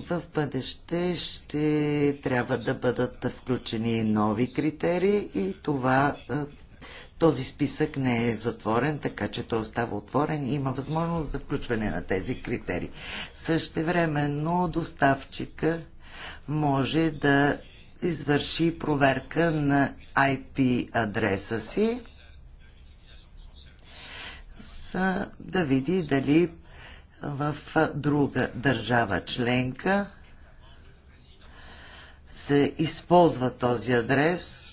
A: в бъдеще ще трябва да бъдат включени нови критерии и това е, този списък не е затворен, така че той остава отворен и има възможност за включване на тези критерии. Същевременно доставчика може да извърши проверка на IP адреса си, за да види дали в друга държава членка се използва този адрес,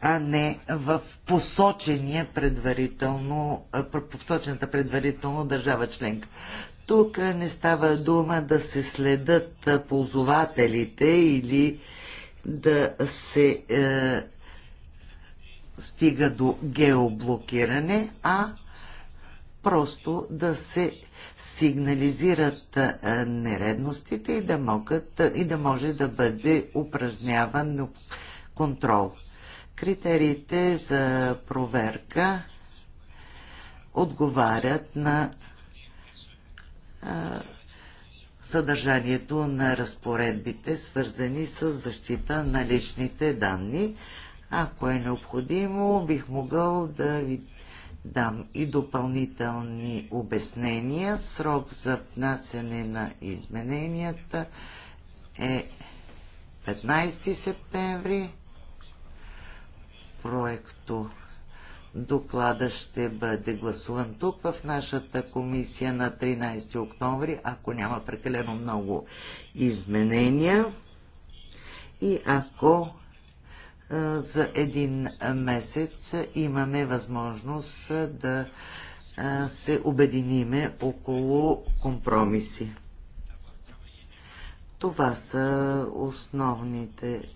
A: а не в посочения предварително, посочената предварително държава членка. Тук не става дума да се следят ползвателите или да се е, стига до геоблокиране, а просто да се сигнализират нередностите и да, могат, и да може да бъде упражняван контрол. Критериите за проверка отговарят на съдържанието на разпоредбите, свързани с защита на личните данни. Ако е необходимо, бих могъл да ви дам и допълнителни обяснения. Срок за внасяне на измененията е 15 септември. Проекто доклада ще бъде гласуван тук в нашата комисия на 13 октомври, ако няма прекалено много изменения. И ако за един месец имаме възможност да се обединиме около компромиси. Това са основните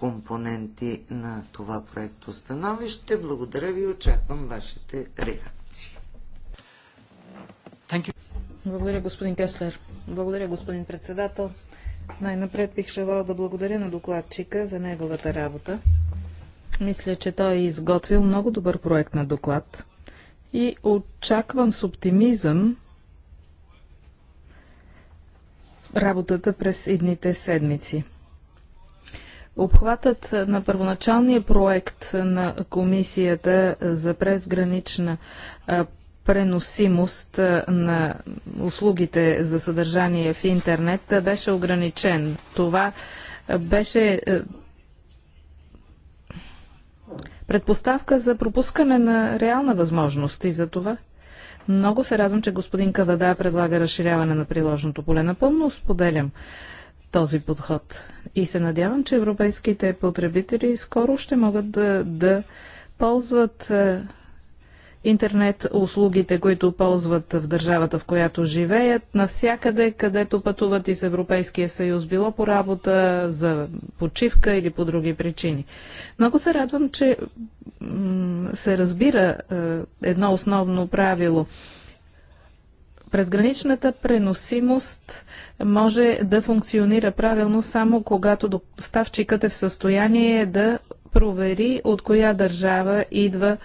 A: компоненти на това проекто становище. Благодаря ви и очаквам вашите реакции.
B: Благодаря, господин Кеслер. Благодаря, господин председател. Най-напред бих желала да благодаря на докладчика за неговата работа. Мисля, че той е изготвил много добър проект на доклад и очаквам с оптимизъм работата през едните седмици. Обхватът на първоначалния проект на Комисията за презгранична преносимост на услугите за съдържание в интернет беше ограничен. Това беше предпоставка за пропускане на реална възможност и за това. Много се радвам, че господин Кавада предлага разширяване на приложното поле. Напълно споделям този подход. И се надявам, че европейските потребители скоро ще могат да, да ползват интернет услугите, които ползват в държавата, в която живеят, навсякъде, където пътуват из Европейския съюз, било по работа, за почивка или по други причини. Много се радвам, че се разбира е, едно основно правило. Презграничната преносимост може да функционира правилно само когато доставчикът е в състояние да провери от коя държава идва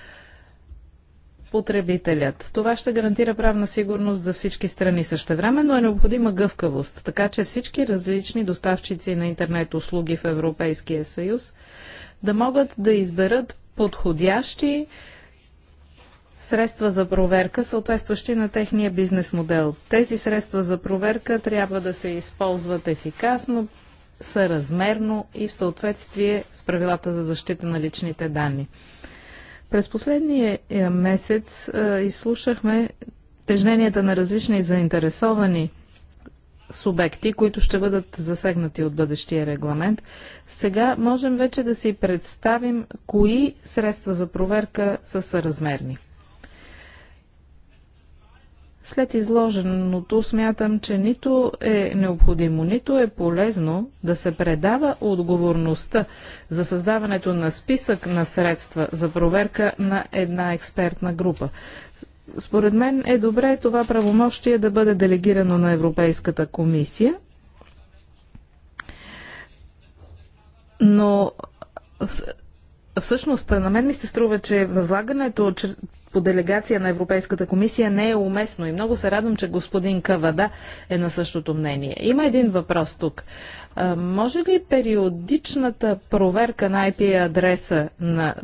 B: потребителят. Това ще гарантира правна сигурност за всички страни. Същевременно е необходима гъвкавост, така че всички различни доставчици на интернет услуги в Европейския съюз да могат да изберат подходящи средства за проверка, съответстващи на техния бизнес модел. Тези средства за проверка трябва да се използват ефикасно, съразмерно и в съответствие с правилата за защита на личните данни. През последния е, месец е, изслушахме тежненията на различни заинтересовани субекти, които ще бъдат засегнати от бъдещия регламент. Сега можем вече да си представим кои средства за проверка са съразмерни. След изложеното смятам, че нито е необходимо, нито е полезно да се предава отговорността за създаването на списък на средства за проверка на една експертна група. Според мен е добре това правомощие да бъде делегирано на Европейската комисия, но Всъщност, на мен ми се струва, че възлагането по делегация на Европейската комисия не е уместно и много се радвам, че господин Кавада е на същото мнение. Има един въпрос тук. А, може ли периодичната проверка на IP адреса на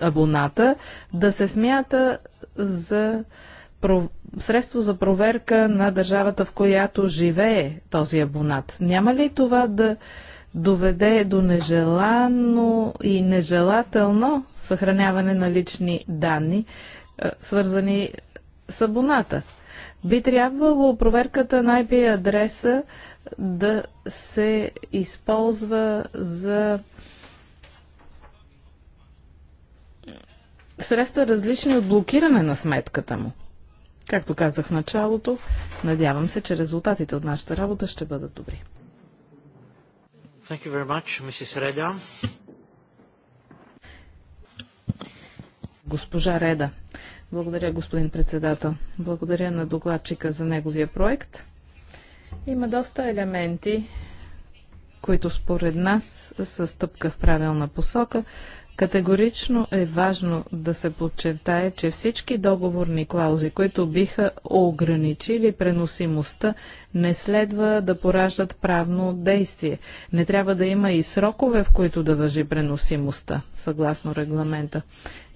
B: абоната да се смята за средство за проверка на държавата, в която живее този абонат? Няма ли това да доведе до нежелано и нежелателно съхраняване на лични данни, е, свързани с абоната. Би трябвало проверката на IP адреса да се използва за средства различни от блокиране на сметката му. Както казах в началото, надявам се, че резултатите от нашата работа ще бъдат добри.
A: Thank you very much, Mrs. Reda.
B: Госпожа Реда. Благодаря, господин председател. Благодаря на докладчика за неговия проект. Има доста елементи, които според нас са стъпка в правилна посока. Категорично е важно да се подчертае, че всички договорни клаузи, които биха ограничили преносимостта, не следва да пораждат правно действие. Не трябва да има и срокове, в които да въжи преносимостта, съгласно регламента.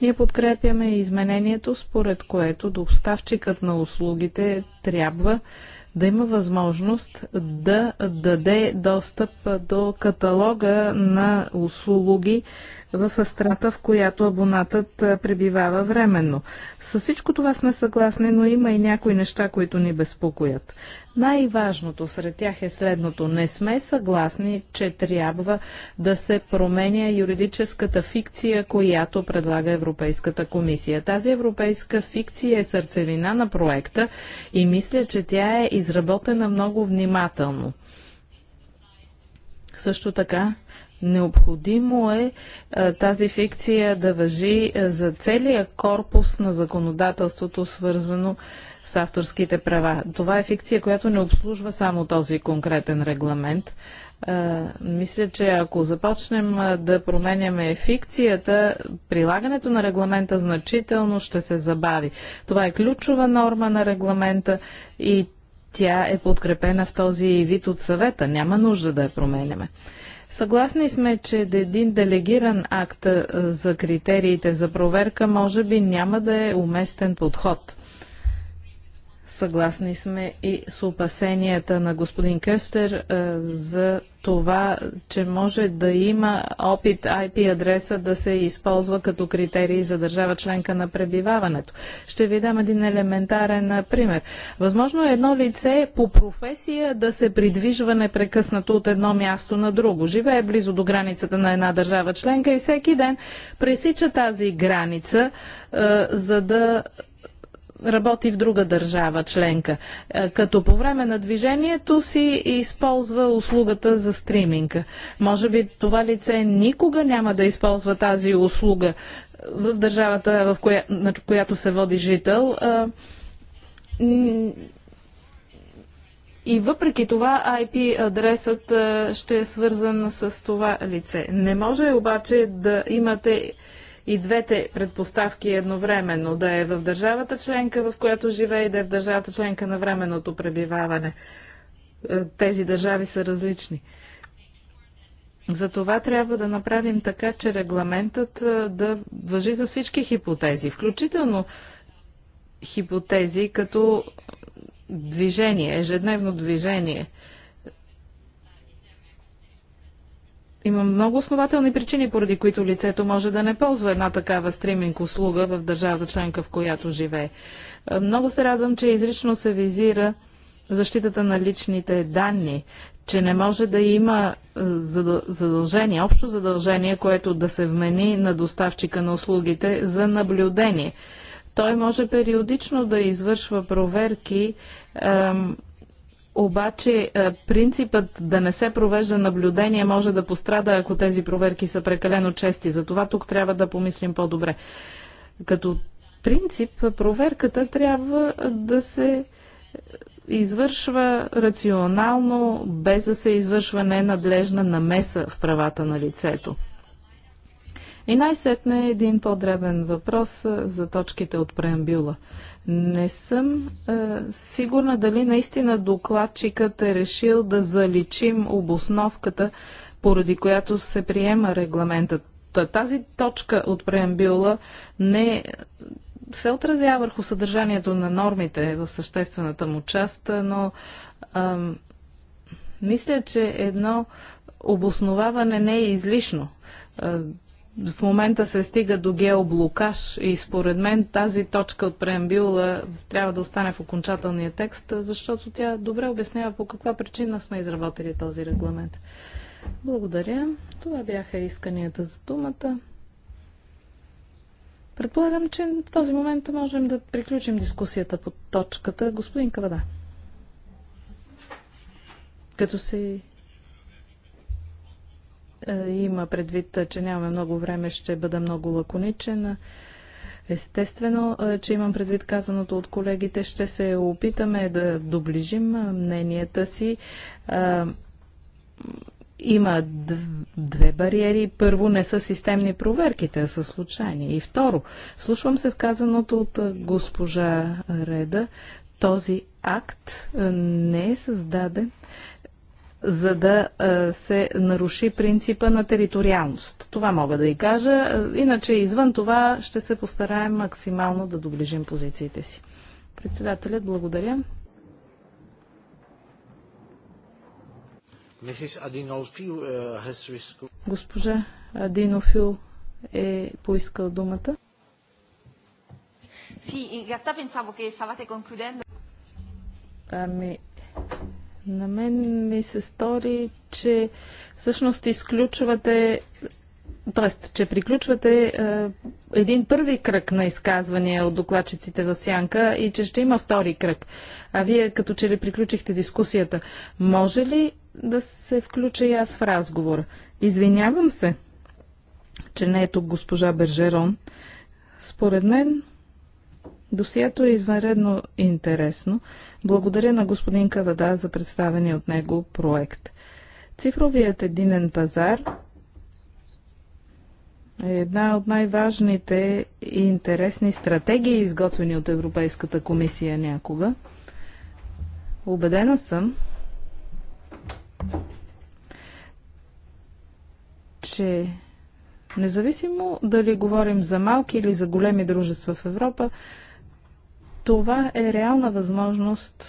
B: Ние подкрепяме изменението, според което доставчикът на услугите трябва да има възможност да даде достъп до каталога на услуги в страната, в която абонатът пребивава временно. С всичко това сме съгласни, но има и някои неща, които ни безпокоят. Най-важното сред тях е следното. Не сме съгласни, че трябва да се променя юридическата фикция, която предлага Европейската комисия. Тази европейска фикция е сърцевина на проекта и мисля, че тя е изработена много внимателно. Също така Необходимо е тази фикция да въжи за целия корпус на законодателството, свързано с авторските права. Това е фикция, която не обслужва само този конкретен регламент. Мисля, че ако започнем да променяме фикцията, прилагането на регламента значително ще се забави. Това е ключова норма на регламента и тя е подкрепена в този вид от съвета. Няма нужда да я променяме. Съгласни сме, че един делегиран акт за критериите за проверка може би няма да е уместен подход. Съгласни сме и с опасенията на господин Къстер е, за това, че може да има опит IP адреса да се използва като критерий за държава членка на пребиваването. Ще ви дам един елементарен е, пример. Възможно е едно лице по професия да се придвижва непрекъснато от едно място на друго. Живее близо до границата на една държава членка и всеки ден пресича тази граница, е, за да работи в друга държава членка, е, като по време на движението си използва услугата за стриминг. Може би това лице никога няма да използва тази услуга в държавата, в коя, на която се води жител. Е, и въпреки това IP адресът е, ще е свързан с това лице. Не може обаче да имате и двете предпоставки едновременно. Да е в държавата членка, в която живее и да е в държавата членка на временното пребиваване. Е, тези държави са различни. Затова трябва да направим така, че регламентът е, да въжи за всички хипотези, включително хипотези като движение, ежедневно движение – Има много основателни причини, поради които лицето може да не ползва една такава стриминг услуга в държавата членка, в която живее. Е, много се радвам, че изрично се визира защитата на личните данни, че не може да има е, задължение, общо задължение, което да се вмени на доставчика на услугите за наблюдение. Той може периодично да извършва проверки обаче е, принципът да не се провежда наблюдение може да пострада, ако тези проверки са прекалено чести. Затова тук трябва да помислим по-добре. Като принцип проверката трябва да се извършва рационално, без да се извършва ненадлежна намеса в правата на лицето. И най-сетне е един по-дребен въпрос за точките от преамбюла. Не съм е, сигурна дали наистина докладчикът е решил да заличим обосновката, поради която се приема регламентът. Тази точка от преамбюла не се отразява върху съдържанието на нормите в съществената му част, но ам, мисля, че едно обосноваване не е излишно в момента се стига до геоблокаж и според мен тази точка от преамбюла трябва да остане в окончателния текст, защото тя добре обяснява по каква причина сме изработили този регламент. Благодаря. Това бяха исканията за думата. Предполагам, че в този момент можем да приключим дискусията по точката. Господин Кавада. Като се е, има предвид, че нямаме много време, ще бъда много лаконичен. Естествено, е, че имам предвид казаното от колегите, ще се опитаме да доближим мненията си. Е, има две бариери. Първо, не са системни проверките, а са случайни. И второ, слушвам се в казаното от госпожа Реда, този акт не е създаден за да се наруши принципа на териториалност. Това мога да и кажа. Иначе извън това ще се постараем максимално да доближим позициите си. Председателят, благодаря. Госпожа Адинофил е поискал думата. Ами, на мен ми се стори, че всъщност изключвате, т.е. че приключвате е, един първи кръг на изказвания от докладчиците в Сянка и че ще има втори кръг. А вие като че ли приключихте дискусията, може ли да се включа и аз в разговор? Извинявам се, че не е тук госпожа Бержерон. Според мен Досието е извънредно интересно. Благодаря на господин Кавада за представения от него проект. Цифровият единен пазар е една от най-важните и интересни стратегии, изготвени от Европейската комисия някога. Обедена съм, че независимо дали говорим за малки или за големи дружества в Европа, това е реална възможност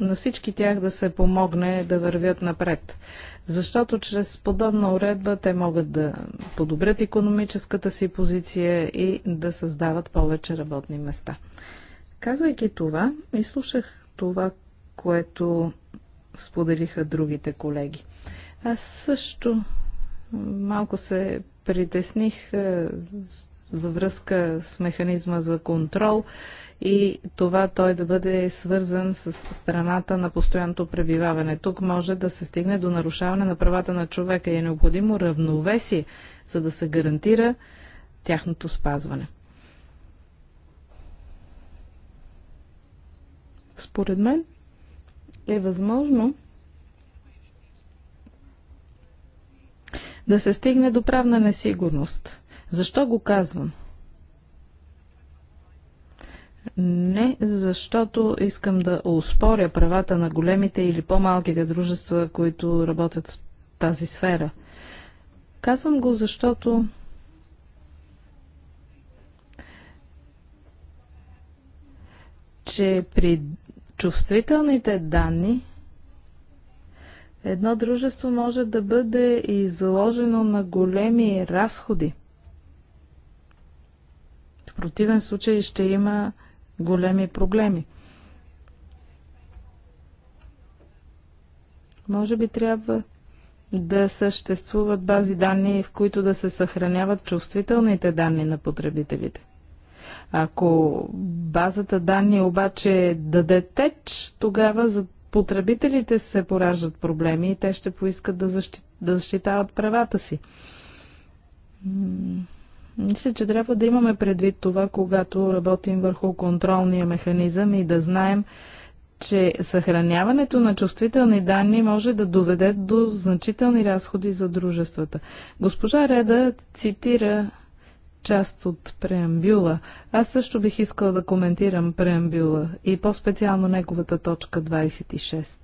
B: на всички тях да се помогне да вървят напред. Защото чрез подобна уредба те могат да подобрят економическата си позиция и да създават повече работни места. Казвайки това, изслушах това, което споделиха другите колеги. Аз също малко се притесних е, във връзка с механизма за контрол и това той да бъде свързан с страната на постоянното пребиваване. Тук може да се стигне до нарушаване на правата на човека и е необходимо равновесие, за да се гарантира тяхното спазване. Според мен е възможно да се стигне до правна несигурност. Защо го казвам? Не, защото искам да успоря правата на големите или по-малките дружества, които работят в тази сфера. Казвам го, защото че при чувствителните данни едно дружество може да бъде изложено на големи разходи противен случай ще има големи проблеми. Може би трябва да съществуват бази данни, в които да се съхраняват чувствителните данни на потребителите. Ако базата данни обаче даде теч, тогава за потребителите се пораждат проблеми и те ще поискат да, да защитават правата си. Мисля, че трябва да имаме предвид това, когато работим върху контролния механизъм и да знаем, че съхраняването на чувствителни данни може да доведе до значителни разходи за дружествата. Госпожа Реда цитира част от преамбюла. Аз също бих искала да коментирам преамбюла и по-специално неговата точка 26.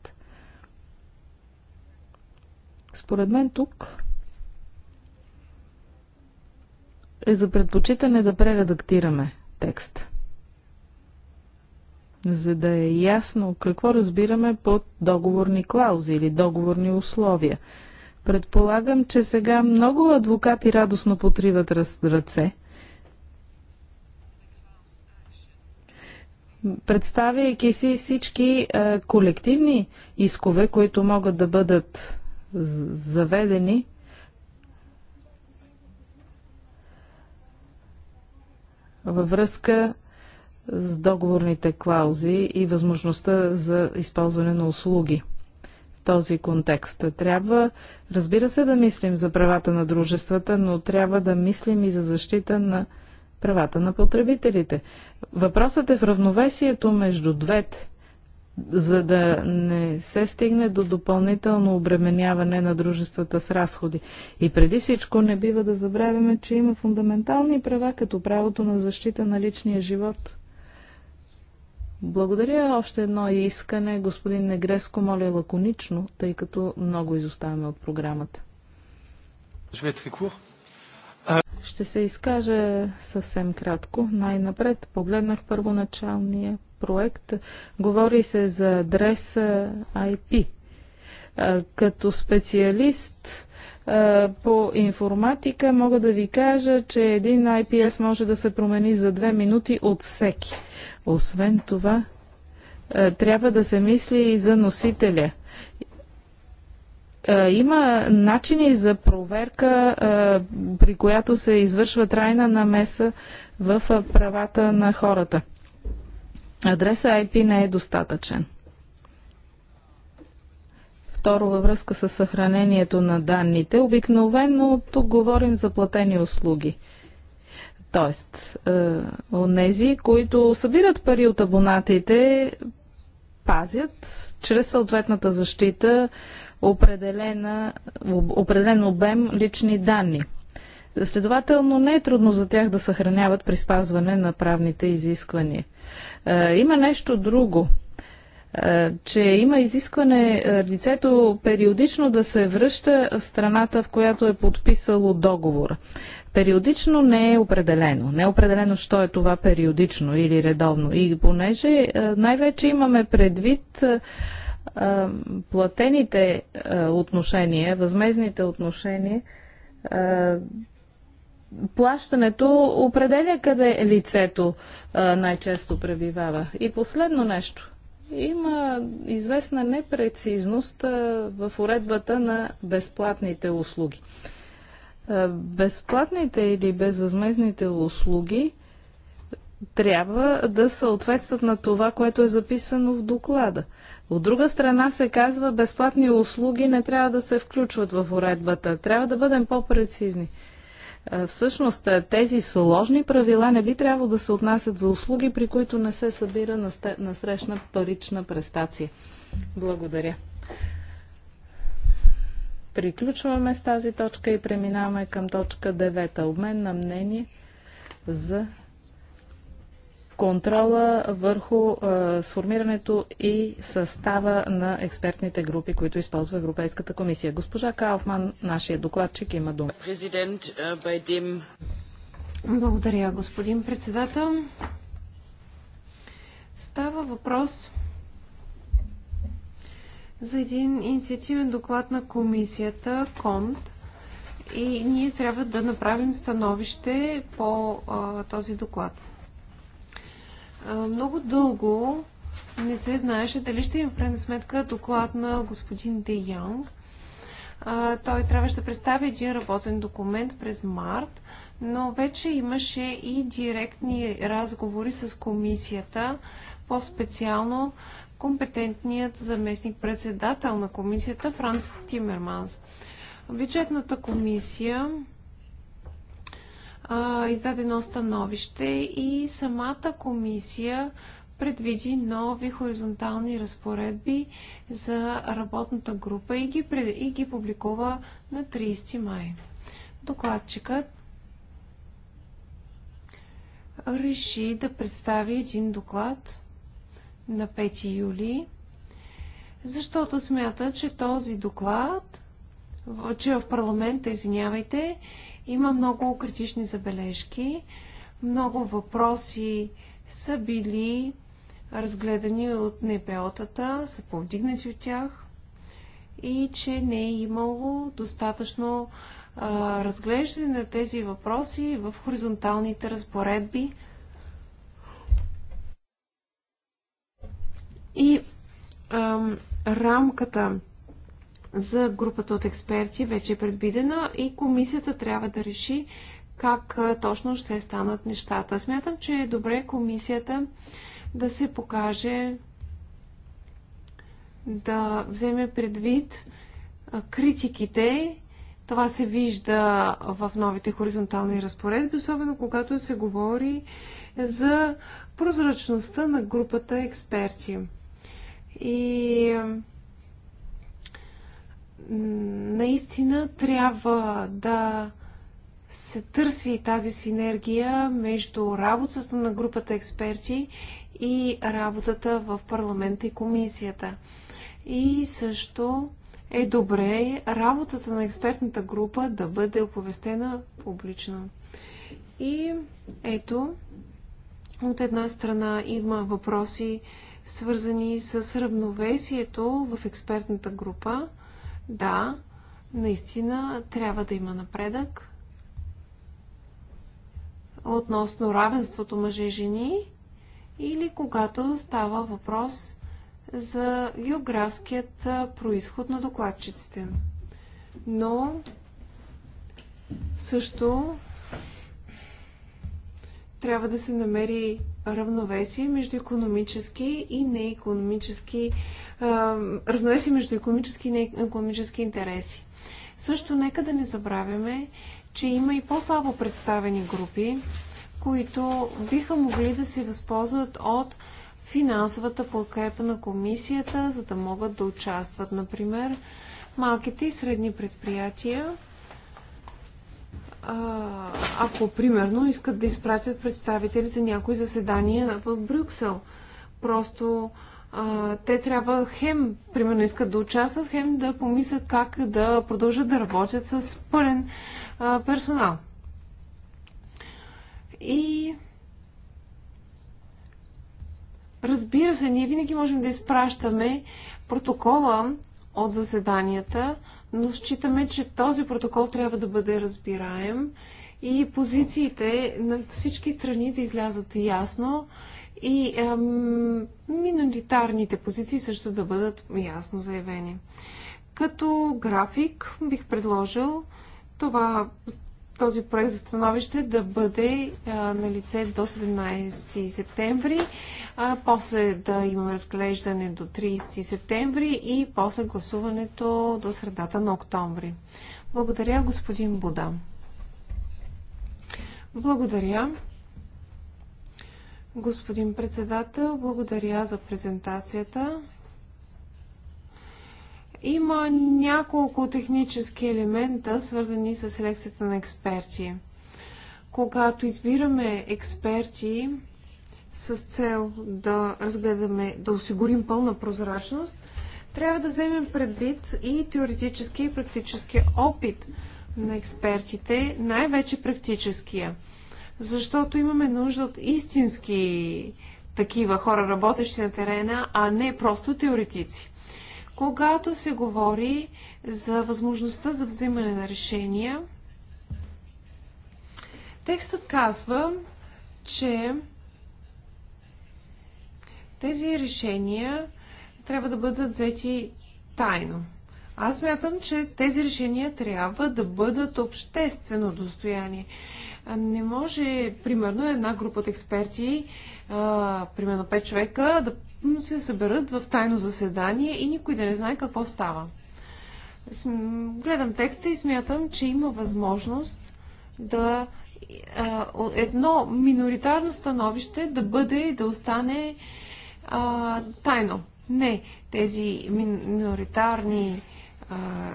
B: Според мен тук е за предпочитане да прередактираме текст, за да е ясно какво разбираме под договорни клаузи или договорни условия. Предполагам, че сега много адвокати радостно потриват ръце, представяйки си всички а, е, колективни искове, които могат да бъдат заведени във връзка с договорните клаузи и възможността за използване на услуги в този контекст. Трябва, разбира се, да мислим за правата на дружествата, но трябва да мислим и за защита на правата на потребителите. Въпросът е в равновесието между двете за да не се стигне до допълнително обременяване на дружествата с разходи. И преди всичко не бива да забравяме, че има фундаментални права, като правото на защита на личния живот. Благодаря още едно искане. Господин Негреско, моля лаконично, тъй като много изоставаме от програмата. Ще се изкажа съвсем кратко. Най-напред погледнах първоначалния проект говори се за адреса IP. Като специалист по информатика мога да ви кажа, че един IPS може да се промени за две минути от всеки. Освен това, трябва да се мисли и за носителя има начини за проверка, при която се извършва трайна намеса в правата на хората адреса IP не е достатъчен. Второ, във връзка с съхранението на данните, обикновено тук говорим за платени услуги. Тоест, е, онези, които събират пари от абонатите, пазят чрез съответната защита определен обем лични данни – Следователно не е трудно за тях да съхраняват при спазване на правните изисквания. Е, има нещо друго е, че има изискване е, лицето периодично да се връща в страната, в която е подписало договор. Периодично не е определено. Не е определено, що е това периодично или редовно. И понеже най-вече имаме предвид платените отношения, възмезните отношения, плащането определя къде лицето най-често пребивава. И последно нещо. Има известна непрецизност в уредбата на безплатните услуги. Безплатните или безвъзмезните услуги трябва да съответстват на това, което е записано в доклада. От друга страна се казва, безплатни услуги не трябва да се включват в уредбата. Трябва да бъдем по-прецизни. Е, всъщност е, тези сложни правила не би трябвало да се отнасят за услуги, при които не се събира насрещна парична престация. Благодаря. Приключваме с тази точка и преминаваме към точка 9. Обмен на мнение за контрола върху а, сформирането и състава на експертните групи, които използва Европейската комисия. Госпожа Кауфман, нашия докладчик, има дума.
C: Благодаря, господин председател. Става въпрос за един инициативен доклад на комисията КОНТ и ние трябва да направим становище по а, този доклад много дълго не се знаеше дали ще има в крайна сметка доклад на господин Де Янг. Той трябваше да представи един работен документ през март, но вече имаше и директни разговори с комисията, по-специално компетентният заместник председател на комисията Франц Тимерманс. Бюджетната комисия а, издадено становище и самата комисия предвиди нови хоризонтални разпоредби за работната група и ги, пред... и ги публикува на 30 май. Докладчикът реши да представи един доклад на 5 юли, защото смята, че този доклад, че в парламента, извинявайте, има много критични забележки, много въпроси са били разгледани от НПО-тата, са повдигнати от тях и че не е имало достатъчно а, разглеждане на тези въпроси в хоризонталните разпоредби. И а, рамката за групата от експерти вече е предвидена и комисията трябва да реши как точно ще станат нещата. Смятам, че е добре комисията да се покаже, да вземе предвид критиките. Това се вижда в новите хоризонтални разпоредби, особено когато се говори за прозрачността на групата експерти. И наистина трябва да се търси тази синергия между работата на групата експерти и работата в парламента и комисията. И също е добре работата на експертната група да бъде оповестена публично. И ето, от една страна има въпроси, свързани с равновесието в експертната група, да, наистина трябва да има напредък относно равенството мъже и жени или когато става въпрос за географският происход на докладчиците. Но също трябва да се намери равновесие между економически и неекономически равновесие между економически и неекономически интереси. Също нека да не забравяме, че има и по-слабо представени групи, които биха могли да се възползват от финансовата подкрепа на комисията, за да могат да участват, например, малките и средни предприятия, ако примерно искат да изпратят представители за някои заседания в Брюксел. Просто а, те трябва хем, примерно, искат да участват, хем да помислят как да продължат да работят с пълен а, персонал. И разбира се, ние винаги можем да изпращаме протокола от заседанията, но считаме, че този протокол трябва да бъде разбираем и позициите на всички страни да излязат ясно и миноритарните позиции също да бъдат ясно заявени. Като график бих предложил това, този проект за становище да бъде а, на лице до 17 септември, а после да имаме разглеждане до 30 септември и после гласуването до средата на октомври. Благодаря, господин Буда. Благодаря. Господин председател, благодаря за презентацията. Има няколко технически елемента, свързани с лекцията на експерти. Когато избираме експерти с цел да разгледаме, да осигурим пълна прозрачност, трябва да вземем предвид и теоретически и практически опит на експертите, най-вече практическия – защото имаме нужда от истински такива хора, работещи на терена, а не просто теоретици. Когато се говори за възможността за взимане на решения, текстът казва, че тези решения трябва да бъдат взети тайно. Аз мятам, че тези решения трябва да бъдат обществено достояние. Не може, примерно, една група от експерти, а, примерно 5 човека, да се съберат в тайно заседание и никой да не знае какво става. Гледам текста и смятам, че има възможност да а, едно миноритарно становище да бъде и да остане а, тайно. Не, тези миноритарни а,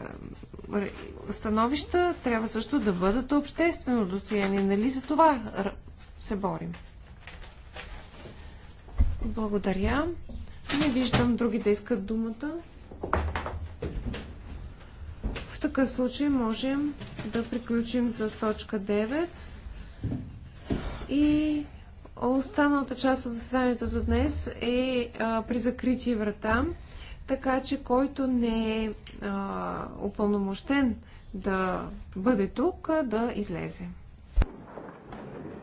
C: становища трябва също да бъдат обществено достояние. Нали за това се борим? Благодаря. Не виждам други да искат думата. В такъв случай можем да приключим с точка 9 и останалата част от заседанието за днес е а, при закрити врата така че който не е а, упълномощен да бъде тук, да излезе.